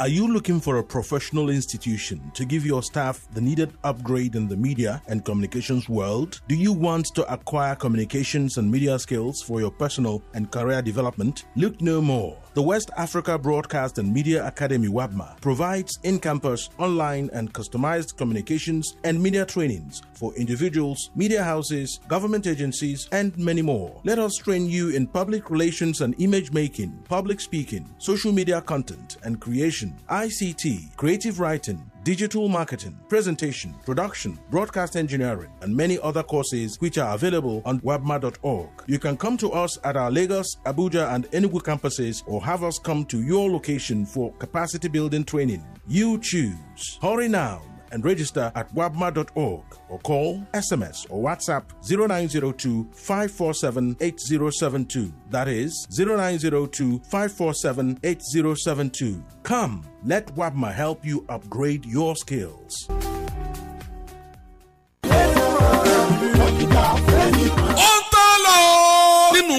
Are you looking for a professional institution to give your staff the needed upgrade in the media and communications world? Do you want to acquire communications and media skills for your personal and career development? Look no more the West Africa Broadcast and Media Academy WABMA provides in campus, online, and customized communications and media trainings for individuals, media houses, government agencies, and many more. Let us train you in public relations and image making, public speaking, social media content and creation, ICT, creative writing digital marketing, presentation, production, broadcast engineering, and many other courses which are available on webma.org. You can come to us at our Lagos, Abuja, and Enugu campuses or have us come to your location for capacity building training. You choose. Hurry now and register at wabma.org or call, SMS, or WhatsApp 0902 547 8072. That is 0902 547 8072. Come, let Wabma help you upgrade your skills.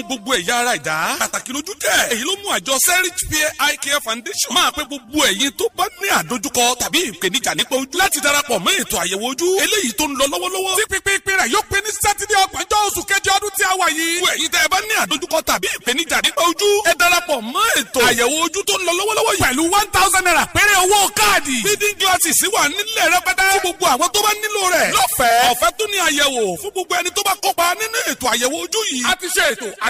nínú gbogbo ẹ̀yà ara ìdá. pàtàkì lójú tẹ̀. èyí ló mú àjọ serich peer eye foundation. máa pé gbogbo ẹ̀yin tó bá ní àdójúkọ tàbí ìpèníjà nípa ojú. láti darapọ̀ mọ́ ètò àyẹ̀wò ojú. eléyìí tó ń lọ lọ́wọ́lọ́wọ́. tí pínpín ìpín rẹ̀ yóò pé ní sátidé ọgbọ̀njọ́ oṣù kẹjọ ọdún tí a wà yìí. gbogbo ẹ̀yin tẹ́ bá ní one thousand naira péré owó à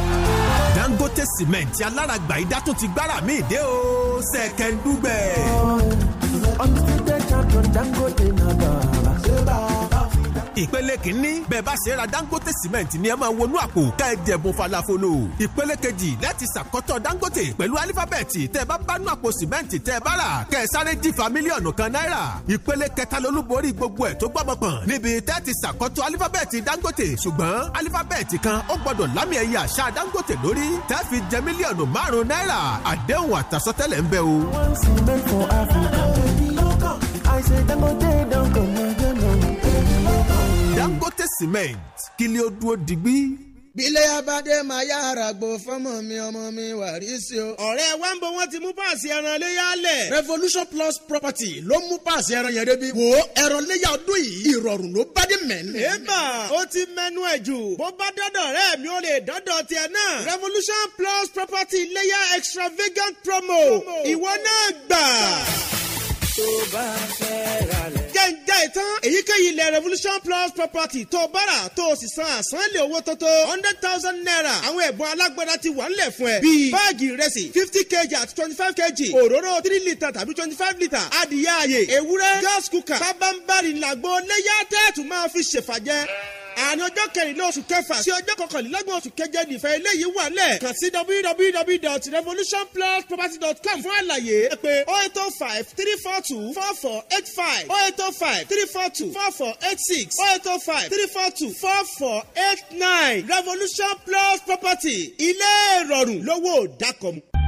dangote cement alárágbá ìdá tún ti gbára mi dé o ṣẹ̀kẹ̀ ń dúgbẹ̀. ìpele kìíní bẹ́ẹ̀ bá ṣe ra dangote cement ni ẹ máa wọnú àpò ká ẹ jẹ̀bùn falafolo ìpele kejì láti ṣàkọ́tọ̀ dangote pẹ̀lú alifábẹ́ẹ̀tì tẹ́ bá bánú àpò cement tẹ́ bá rà kẹ́ ẹ sáré jìfà mílíọ̀nù kan náírà ìpele kẹta lolúborí gbogbo ẹ̀ tó gbọ́mọpọ̀n níbi tẹ́ ti ṣàkọ́tọ̀ alifábẹ́ẹ̀tì dangote ṣùgbọ́n alifábẹ́ẹ̀tì kan ó gbọ́dọ̀ lámì ẹ̀yẹ àṣà dangote lórí tẹ́ fi jẹ mílíọ̀nù márùn náírà àdéhùn àtàsọtẹ́lẹ̀ ń bẹ o dangote cement kí lè ó dúró digbí bílẹ̀ abadé máa yá àràgbò fọ́mọ mi ọmọ mi wàrísí o. ọ̀rẹ́ wa ń bọ̀ wọ́n ti mú páàsì ẹran léyà lẹ̀. revolution plus property ló mú páàsì ẹran yẹn débi. wo ẹran léyà ọdún yìí ìrọ̀rùn ló bá dé mẹ́nu. èèmà ó ti mẹ́nu ẹ̀ jù bó bá dọ́dọ̀ rẹ̀ mi ò lè dọ́dọ̀ tiẹ̀ náà. revolution plus property léyà extravagant promo ìwọ náà gbà tó bá fẹ́ ra lẹ̀. jẹ́njẹ́ ìtàn èyíkéyìí ilẹ̀ revolution plus property tó bára tó o sì san àsánlẹ̀ owó tó hundred thousand naira àwọn ẹ̀bùn alágbára ti wà nílẹ̀ fún ẹ bíi báàgì ìrẹsì fifty kg àti twenty five kg òróró three litre tàbí twenty five litre adìyẹ ààyè ewúrẹ́ gas cooker bábánbárì làgbo léyà máa fi ṣèfàjẹ́ àní ọjọ́ kẹrìnlá oṣù kẹfà sí ọjọ́ kọkànlélọ́gbọ̀n oṣù keje nìfẹ́ eléyìí wà lẹ̀ kàn sí www.revolutionplusproperty.com fún àlàyé ẹ pé oh eight oh five three four two four four eight five oh eight oh five three four two four four eight six oh eight oh five three four two four four eight nine revolution plus property ilé ìrọ̀rùn lówó dákọ̀mù.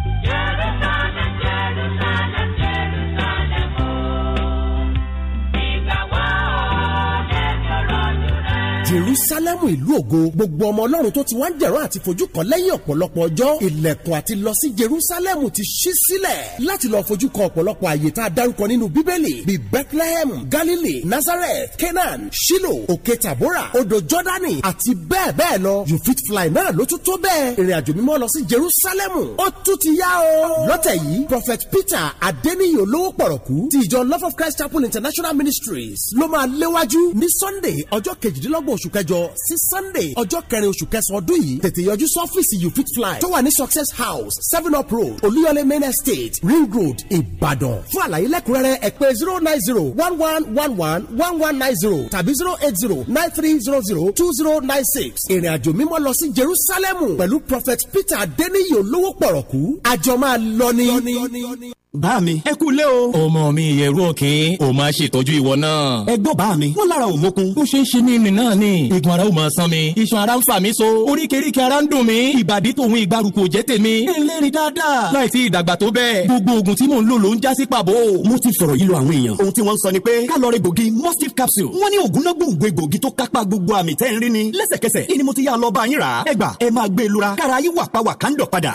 jerusalemu ìlú ògo gbogbo ọmọ ọlọ́run tó ti wá ń jẹ̀rọ àti fojú kan lẹ́yìn ọ̀pọ̀lọpọ̀ ọjọ́ ilẹ̀kùn àti lọ sí jerusalemu ti ṣí sílẹ̀ láti lọ fojú kan ọ̀pọ̀lọpọ̀ àyè tá a dárúkọ nínú bíbélì bíi bethlehem galilee nazareth canaan Shilo, òkè tabora odò jordani àti bẹ́ẹ̀ bẹ́ẹ̀ lọ you fit fly náà ló tún tó bẹ́ẹ̀ ìrìn àjò mímọ́ lọ sí jerusalemu ó tún ti yá o lọ́tẹ̀ yìí prophet peter adeniyi olówó pọ̀rọ̀kú ti ìjọ love of christ chapel international ministries ló máa léwájú ní sunday ọjọ́ kejìdínlọ́gbọ̀n oṣù kẹjọ sí sunday ọjọ́ kẹrin oṣù kẹsàn ọdún yìí tètè yọjú sí ọ́fíìsì you fit fly tó wà ní success house seven up road olúyọlé main estate ring road ìbàdàn fún àlàyé lẹ́kùnrẹ́rẹ́ ẹ pè zero nine zero one one one one one one nine zero tàbí zero eight zero nine three zero zero two zero nine six ìrìnàjò mímọ́ lọ sí jerusalem pẹ̀lú prophet peter adeniyi olówó pọ̀rọ̀kú àjọ máa lọ ní bá mi. ẹ kú lé o. ọmọ mi ìyẹ̀rú ọ̀kìn ò máa ṣètọ́jú ìwọ náà. ẹ gbọ́ bá mi. wọ́n lára ò ó ṣe ń ṣe ní ìrìn náà ni. igun ara ò máa san mi. iṣan ara ń fà mí so. oríkèéríkè ara ń dùn mí. ìbàdí tòun ìgbàrúkù ò jẹ́ tèmi. ẹlẹ́rìí dáadáa. láì tí ìdàgbà tó bẹ́ẹ̀. gbogbo oògùn tí mò ń lò ló ń já sí pàbó. mo ti fọ̀rọ̀ yí lọ àwọn èèyàn. ohun tí wọ́n ń sọ ni pé kálọ̀rì e lura. kára yín wà pa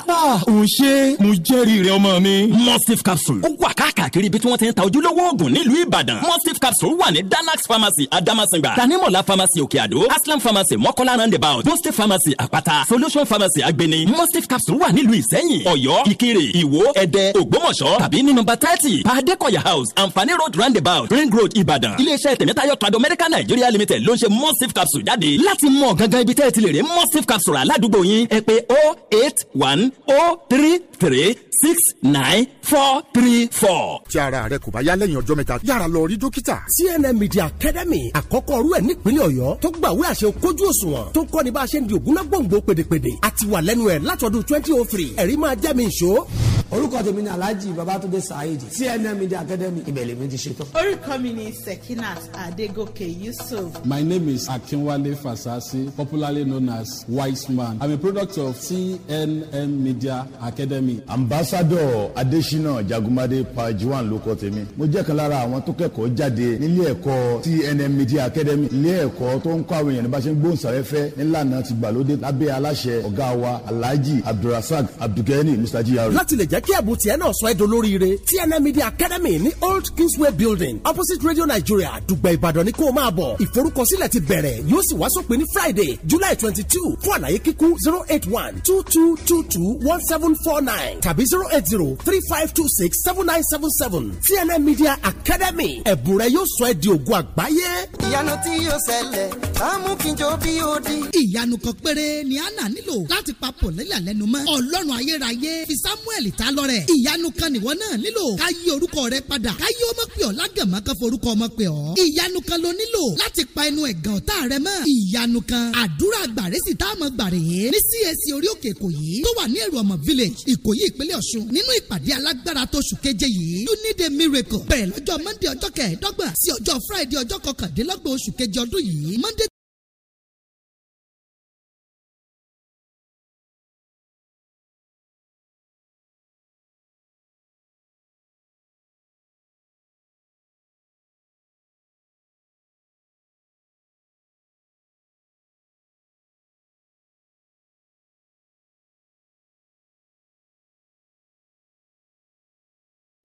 ah òun ṣe mo jẹ́rìí capsule ó wà káàkiri ibi tí wọ́n ti ń ta ojúlówó oògùn nílùú Ìbàdàn mustif capsule wà ní danax pharmacy adamasingba tanimola pharmacy òkè àdó aslam pharmacy mọ́kọ́lá roundabout mustif pharmacy àpáta solution pharmacy agbeni mustif capsule wà nílùú Ìsẹ́yìn Ọ̀yọ́ Ìkirè Ìwó Ẹdẹ Ògbómọ̀ṣọ́ tàbí ní nọ́mbà thirty Adékọ̀yà house Anfani road roundabout ring road Ìbàdàn iléeṣẹ́ tẹ̀mẹ́tayọ̀ trado medical Nigeria limited ló ń capsule jáde láti mọ̀ gangan ibi tẹ́ ẹ capsule aládùúgbò yín oh eight one oh three three six nine four three four. tí ara rẹ kò bá yá lẹ́yìn ọjọ́ mẹ́ta yára lọ rí dókítà. CNN Media Academy àkọ́kọ́ rú ẹ̀ nípínlẹ̀ Ọ̀yọ́ tó gbàwé àṣẹ kójú òṣùwọ̀n tó kọ́ ni bá a ṣe ń di ògúnná gbòǹgbò pèdèpèdè àti wà lẹ́nu ẹ̀ látọdún twenty oh three ẹ̀rí máa jẹ́ mi ìṣó. orúkọ tèmi ni Alhaji Babatunde Saheed CNN Media Academy ibẹ̀ lèmi ti ṣetán. orúkọ mi ni Sekinat Adegoke Yusuf. My name is Akinwale Fasasi popularly known as Wise Man. I'm a product of CNN Media Academy. Ambassador Adesina jagunmadé pajuwan ló kọ tèmi mo jẹ́ kan lára àwọn tó kẹ́kọ̀ọ́ jáde nílé ẹ̀kọ́ TNM Media Academy ilé ẹ̀kọ́ tó ń kọ́ àwọn èèyàn ní ń gbóhùnsáfẹ́fẹ́ nílànà ti gbàlódé lábẹ́ aláṣẹ ọ̀gá wa Alhaji Abdulrasaq Abdulgani Mr. GR. láti lè jẹ́ kí ẹ̀bùn tiẹ̀ náà sọ ẹ́ dolóríire TNM Academy ní Old Kingsway Building opposite Radio Nigeria Dùgbẹ̀ Ìbàdàn ni kó o máa bọ̀ ìforúkọsílẹ̀ ti bẹ̀rẹ̀ yóò sì wá sópin ní Friday July twenty two fún àlàyé kíkún zero eight one two two two two one seven four nine tàbí zero eight zero three five two six seven nine seven seven CNN Media Academy ẹ̀bùn rẹ yóò sọ ẹ́ di ògo àgbáyé. ìyanu tí yóò ṣẹlẹ̀ á mú kí n jó bí ó di. ìyanu kan péré ni Hánà nílò láti pa pọ̀lẹ́lẹ̀ lẹ́nu mọ́ ọlọ́run ayérayé fi Samuel ta lọ́rẹ̀ ìyanu kan nìwọ náà nílò ká yí orúkọ rẹ padà ká yí ọmọ pè ọ́ lágàmọ́ kan forúkọ ọmọ pè ọ́ ìyanu kan ló nílò láti pa ẹnu ẹ̀gàn ọ̀tá rẹ mọ́ ìyanu kan àdúrà gbàrẹ́ sì tá a mọ̀ gbàrẹ́ ní CAC e orí òkè Ìkòyí tó wà ní èrò ọmọ village Ìkòyí ìpínlẹ̀ Ọ̀ṣun nínú ìpàdé alágbára agbára tóṣù keje yìí you need a miracle bẹ̀rẹ̀ lọ́jọ́ monday ọjọ́ kẹẹ̀ẹ́dọ́gbọ̀n sí ọjọ́ friday ọjọ́ kọkàndínlọ́gbọ̀n oṣù keje ọdún yìí monday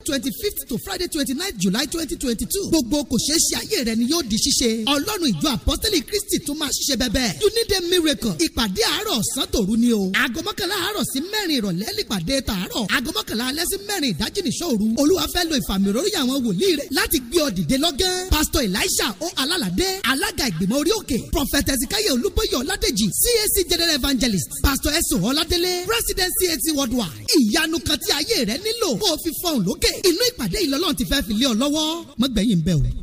twenty fifth to friday twenty nine july twenty twenty two gbogbo kò ṣeé ṣe ayé rẹ ni yóò di ṣíṣe ọlọ́run ìjọ apọ́sítẹ́lì kristi tún máa ṣiṣẹ́ bẹ́ẹ̀ you need a miracle ìpàdé àárọ̀ ọ̀sán tòru ni o aago mọ́kànlá àárọ̀ sí mẹ́rin ìrọ̀lẹ́ nípàdé tààrọ̀ aago mọ́kànlá alẹ́ sí mẹ́rin ìdájí nìṣọ́ òru olúwa fẹ́ lo ìfàmì òróró àwọn wòlíì rẹ̀ láti gbé ọ dìde lọ́gán pásítọ̀ elisha o alálàdé alága ìgbìmọ̀ orí òkè prophet ezekiel olúbóyè ọládèjì cac general evangelist pásítọ̀ ẹ̀sùn ọládélé president cac worldwide ìyanu kan tí ayé rẹ nílò kó o fi fọhùn lókè inú ìpàdé ìlọ́lọ́run ti fẹ́ fi lé ọ lọ́wọ́ mọ́gbẹ̀yìn bẹ́ẹ̀ o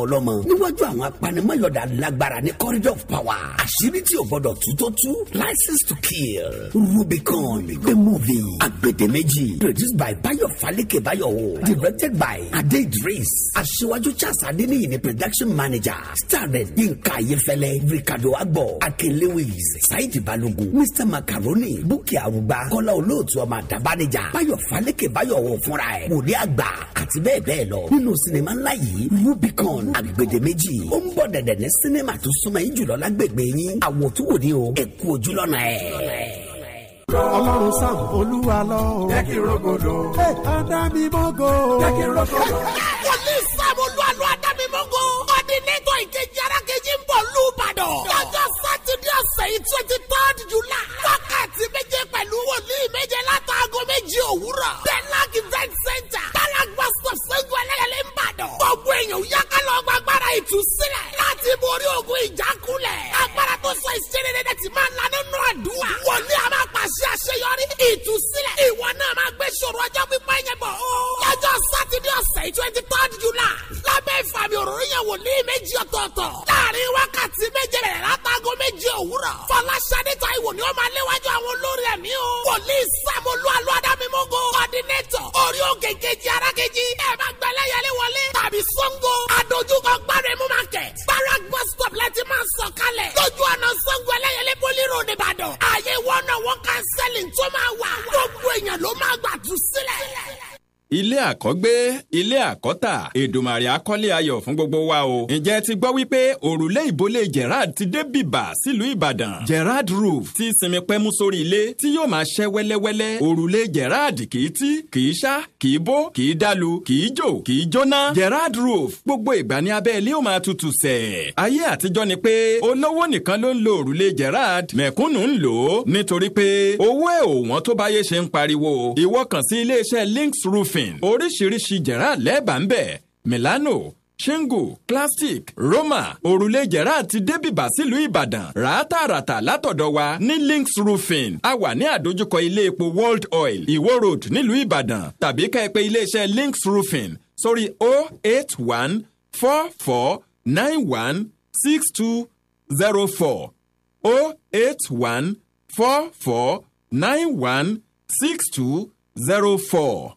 ọlọ́mọ níwájú àwọn apanimọ̀yọ̀dà lágbára ní corridor of power àṣírí tí o gbọdọ̀ tú tó tú license to kill rubicon the movie agbèdémèjì produced by bayo falike bayo directed by ade idris aṣíwájú charles adeniyi ni production manager starred yinka ayefẹlẹ ricardo agbo akin lewis saidi balogun mr macaroni bukki arugba kọlá olóòtú ọmọ àdàbánijà bayo falike bayo wò fúnra ẹ̀ wòlíì àgbà àti bẹ́ẹ̀ bẹ́ẹ̀ lọ nínú sinimá ńlá yìí rubicon àgbèdè méjì ó ń bọ̀ dẹ̀dẹ̀ ní sinimá tó súnmọ́ yín jùlọ lágbègbè yín àwòtúwò ni o ẹ kú ojú lọ́nà ẹ̀ ọlọ́run sam olúwa lọ. jẹ́ kí n rogodo. ẹ adami mọ́gò. jẹ́ kí n rogodo. wòlíì sam olúwa lọ adami mọ́gò. ọ̀dínẹ́tọ̀ ìkejì arákejì ń bọ̀ lùbàdàn. lọ́jọ́ sátidé ọ̀sẹ̀ yìí twenty third july. wákàtí méje pẹ̀lú wòlíì méje látàgọ́ méje òwúrọ̀. bẹ́ẹ̀ lákì bẹ́ẹ̀ dùn. gbogbo èèyàn yá ká lọ gba agbára ìtúsílẹ̀. láti borí ogun ìjákulẹ̀. agbára tó sọ ìṣeré ti máa la nínú àdúrà. wọlé a máa pàṣẹ àṣeyọrí ìtúsílẹ̀. ìwọ náà máa gbé ṣòro ọjọ́ pípa yẹn bọ̀. lọ́jọ́ sátidé ọ̀sẹ̀ twenty third july. lábẹ́ ìfàmì òróró yẹn wò ní méjì ọ̀tọ̀ọ̀tọ̀. láàrin wákàtí méje bẹ̀rẹ̀ látago méje òwúrọ̀. fọláṣadé Táíwò ni ó máa léwájú àwọn olórí ẹ̀mí o. wòlíì sàmúlò alọ́ kọ́dínétọ̀ orí òkè kejì ara ẹ máa gbẹ́lẹ́yẹlé wọlé tàbí Sango. Adójúkọ Gbáremú Market. Barak bus stop láti máa sọ kalẹ̀. Lójú ọ̀nà Sango ẹlẹ́yẹlé Poli Road Ìbàdàn. Ààyè wọ́nà wọ́n kan sẹ́lìn tó máa wà. Gbogbo èèyàn ló máa gbàdúrà sílẹ̀ ilé àkọ́gbé ilé àkọ́tà Èdùmàrè akọ́lé ayọ̀ fún gbogbo wa o. ǹjẹ́ ti gbọ́ wípé òrùlé ìbólé Gerard ti dé bìbà sílùú Ìbàdàn Gerard roof ti sinmi pẹ́mú sórí ilé tí yóò máa ṣẹ́ wẹ́lẹ́wẹ́lẹ́ òrùlé Gerard kì í tí kì í ṣá kì bó kì dalu kì jò kì jóná Gerard roof gbogbo ìgbà ní abẹ́ ilé ó máa tutù sẹ̀. ayé àtijọ́ ni pé olówó nìkan ló ń lo òrùlé Gerard mẹ̀kúnnù ń lò ó nítorí pé owó ẹ̀ òwọ́n tó báyé Links roofing Irving oríṣiríṣi jẹ̀rá lẹ́ẹ̀bà ń bẹ̀ Milano shingle plastic roma òrùlé jẹ̀rá àti débìbà sílùú ìbàdàn ràátàràtà látọ̀dọ̀ wa ní links roofing a wà ní àdójúkọ ilé epo world oil ìwó road nílùú ìbàdàn tàbí ká ẹ pè iléeṣẹ́ links roofing sórí oh zero four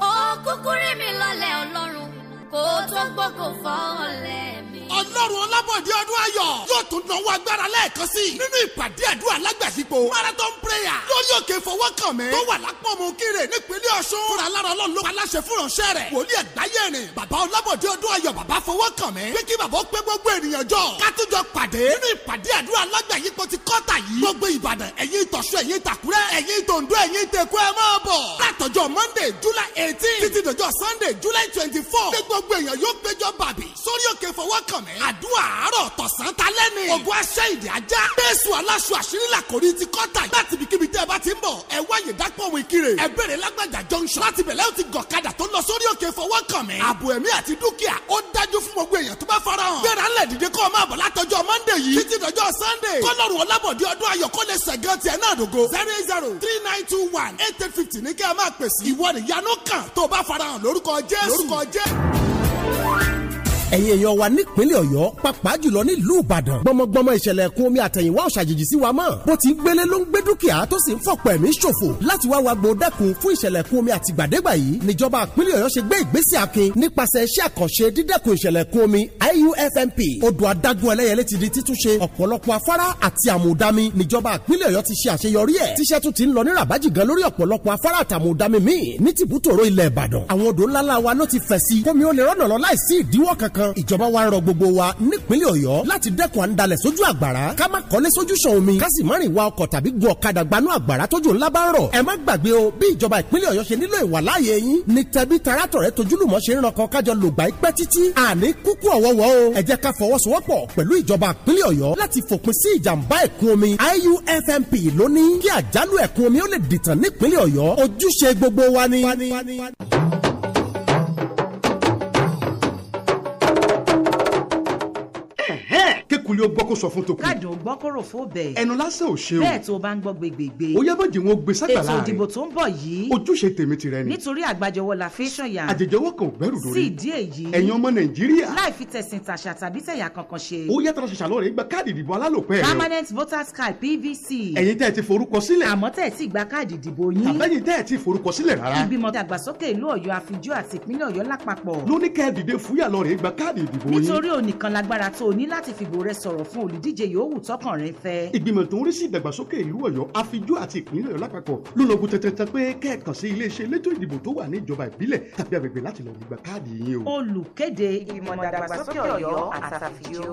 ó kúkú rí mi lọ́lẹ̀ ọlọ́run kó tó gbọ́ kó fọ́ ọ̀lẹ ọlọ́run ọlábọ̀dé ọdún ayọ̀ yóò tún náwó agbára lẹ́ẹ̀kan sí i nínú ìpàdé àdúrà lágbàdìgbò marathon prayer lórí òkè ìfọwọ́kàn mi tó wà lápọ̀mù kírè nípínlẹ̀ ọ̀ṣun fúnra lára ọlọ́run ló paláṣẹ fúnránṣẹ́ rẹ̀ wòlíì àgbáyé rìn bàbá ọlábọ̀dé ọdún ayọ̀ bàbá fọwọ́kàn mi pé kí bàbá ó pé gbogbo ènìyàn jọ kátújọ pàdé nínú ìpàdé àdúrà lágbàyípo ti kọ́tà yìí gbogbo ìbàdàn ẹ̀yin ìtọ̀ṣọ́ ẹ̀yin ìtàkùrẹ́ ẹ̀yin ìtòǹdó ẹ̀yin ìtẹ̀kọ́ ẹ máa bọ̀ látọjọ́ monday july eighteen títí dọjọ́ sunday july twenty four ní gbogbo èèyàn yóò péjọ bàbí sórí òkè fọwọ́kàn mi. àdúrà àárọ̀ tọ̀sán talẹ́ ni. ògùn aṣẹ́ ìdí ajá. jésù aláṣọ àṣírí làkòrí ti kọ́ta. láti ibikíbi tẹ́ ẹ bá ti ń bọ̀ ẹ wáyé dápọ̀ òwe kire. ẹ bẹ̀rẹ̀ lágbàjà junction. láti bẹ̀lẹ́ o ti gọ̀kadà tó lọ sórí òkè fọwọ́ kàn mí. ààbò ẹ̀mí àti dúkìá ó dájú fún gbogbo èèyàn tó bá fara hàn. gbéra ńlẹ̀ dìde kọ́ máa bọ̀ látọjọ́ monday yìí. títí dọjọ́ sunday. kọ́lọ́run ọlábọ̀dé ọdún ayọ̀ kó lè sẹ̀gán tiẹ̀ náà dògo. zero zero three nine two one eight eight fifty ní kí a máa pèsè. ìwọ nìyanu kan tó fara hàn lórúkọ ẹ̀yin èèyàn wa nípínlẹ̀ ọ̀yọ́ pàápàá jùlọ nílùú ìbàdàn gbọmọgbọmọ ìṣẹ̀lẹ̀ ẹ̀kún omi àtẹ̀yìnwá ọ̀ṣàjèjì sí wa mọ́ bó ti ń gbélé ló ń gbé dúkìá tó sì ń fọ̀pọ̀ ẹ̀mí ṣòfò láti wá wa gbòdẹ́kun fún ìṣẹ̀lẹ̀ ẹ̀kún omi àtìgbàdégbà yìí níjọba ìpínlẹ̀ ọ̀yọ́ ṣe gbé ìgbésẹ̀ akin nípasẹ̀ iṣẹ́ àkànṣe dídẹ́kun ìṣẹ̀lẹ̀ ẹ̀kún ti ti ṣe àṣeyọrí ẹ̀ tíṣẹ́ tún ti ń lọ ní ràbájì gan lórí ọ̀pọ̀lọpọ̀ afárá àtàmùdámi míì ní tìbútòrò ilẹ̀ ìbàdàn àwọn odò ńláńlá wa ló ti fẹ̀ sí kómi ó lè rọ́nà kan ìjọba wa rọ gbogbo wa nípínlẹ̀ Ọ̀yọ́ láti dẹ́kun àǹdalẹ̀ sójú àgbàrá ká má kọ́lé sójú sàn omi ká sì má rìn wa ọkọ̀ tàbí gun ọ̀kadà gbanú àgbàrá tójú ńlá bá ń rọ̀ ẹ má gbàgbé o bí ìjọba ìpínlẹ̀ Ọ̀yọ́ ṣe nílò ìwàláàyè yín ni tẹbí tarátọ̀ rẹ tojúlùmọ̀ ṣe ń rankan kájọ lògbà ipẹ́ títí àní kúkú ọ̀wọ́wọ́ o ẹ kunlé ó gbọ́ kó sọ fún tokun. káàdì ò gbọ́ kóró bẹ́ẹ̀. ẹnu lásán ò ṣe o. bẹ́ẹ̀ tó o bá ń gbọ́ gbégbégbé. ó yẹ bọ́jì wọn gbé ságbàlá rẹ. ètò ìdìbò tó ń bọ̀ yìí. ojúṣe tèmi tirẹ̀ ni. nítorí àgbàjọwọ́ la fi ṣọ̀yà. àjẹjọwọ́ kan ò gbẹ́rù lórí. sí ìdí èyí. ẹ̀yin ọmọ nàìjíríà. láì fi tẹ̀sìn tàṣà tàbí tẹ̀yà kankan ṣe. ó yẹ tọ́lá ṣàṣà lọ́rẹ̀ gba káàdì ìdìbò alálòpẹ́ rẹ. permanent voters card pvc. ẹ̀yin tẹ́ ẹ ti forúkọ sílẹ̀. àmọ́ tẹ́ ẹ ti gba káàdì ìdìbò yín. àbẹ́yìn tẹ́ ẹ ti forúkọ sílẹ̀ rárá. ìgbìmọ̀ dàgbàsókè ìlú ọ̀yọ́ àfijọ́ àti ìpínlẹ̀ ọ̀yọ́ lápapọ̀. lóníkẹ́ dìde fúyà lọ́rẹ̀ gba káàdì ìdìbò yín. o ní láti fìbò sọ̀rọ̀ fún olùdíje yòówù tọkàn fẹ́. ìgbìmọ̀ tó ń rí sí ìdàgbàsókè ìlú ọ̀yọ́ àfijọ́ àti ìpínlẹ̀ ọ̀yọ́ lápapọ̀ ló lọ́ọ́ tẹ́tẹ́tẹ́ pé kẹ́ẹ̀kan sí iléeṣẹ́ elétò ìdìbò tó wà ní ìjọba ìbílẹ̀ tàbí agbègbè láti lọ́ọ́ gbígba káàdì yín o. olùkéde ìmọ̀ ìdàgbàsókè ọ̀yọ́ àtàfijọ́.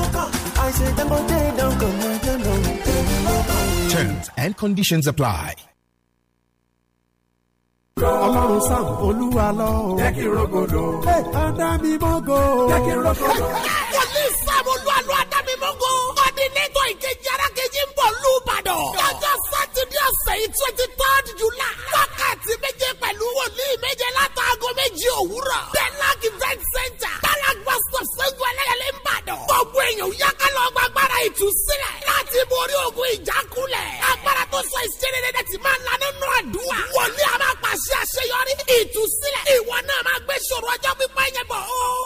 Terms and conditions apply. ọlọ́run olúwa lọ. jẹ́ kí rogodo. adá mi jẹ́ kí rogodo. wòlíì olúwa lọ adá mi ìkejì arákejì ń bọ̀ lùbàdàn. lọ́jọ́ sátidé ọ̀sẹ̀ yìí twenty third july. wákàtí méje pẹ̀lú wòlíì méje látàgọ́ òwúrọ̀. bẹ́ẹ̀ center. ẹlẹ́yà. nínú. gbogbo èèyàn ò yá ká lọ gba agbára ìtúsílẹ̀. láti borí ogun ìjákulẹ̀. agbára tó sọ ìṣẹ́rẹ́rẹ́dẹ́ ti máa lanẹ́ nù àdúrà. wọlé a máa pàṣẹ àṣeyọrí ìtúsílẹ̀. ìwọ náà máa gbé ṣòro ọjọ́ pípẹ́ yẹn bọ̀.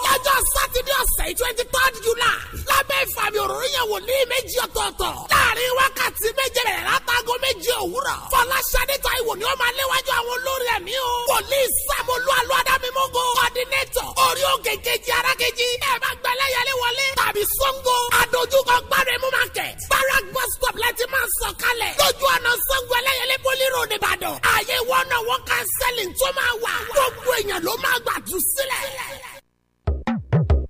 lọ́jọ́ sátidé ọ̀sẹ̀ twenty third july lábẹ́ ìfàmì òróró yẹn wò ní méjì ọ̀tọ̀ọ̀tọ̀. láàrin wákàtí méje bẹ̀rẹ̀ láago méje òwúrọ̀. Fọláṣadé Táíwò ni ó máa léwájú àwọn olórí ẹ̀mí o. Wòlíì Sàmúlú Alúwadámímógó. Kọ́dínétọ̀ orí òkè kejì ara kejì. Ẹ máa gba ẹlẹ́yàlé wọlé. Tàbí Sọ́ngó. Adójúkọ Gbáremú Market. Barak bus stop láti máa sọ kalẹ̀. Lójú ọ̀nà Sọ́ngó ẹlẹ́yàlé Bólú Road Ìbàdàn. Àyè wọ́nà wọ́n kan sẹ́lìn tó máa wà. Gbogbo èèyàn ló máa gbàdúrà sílẹ̀.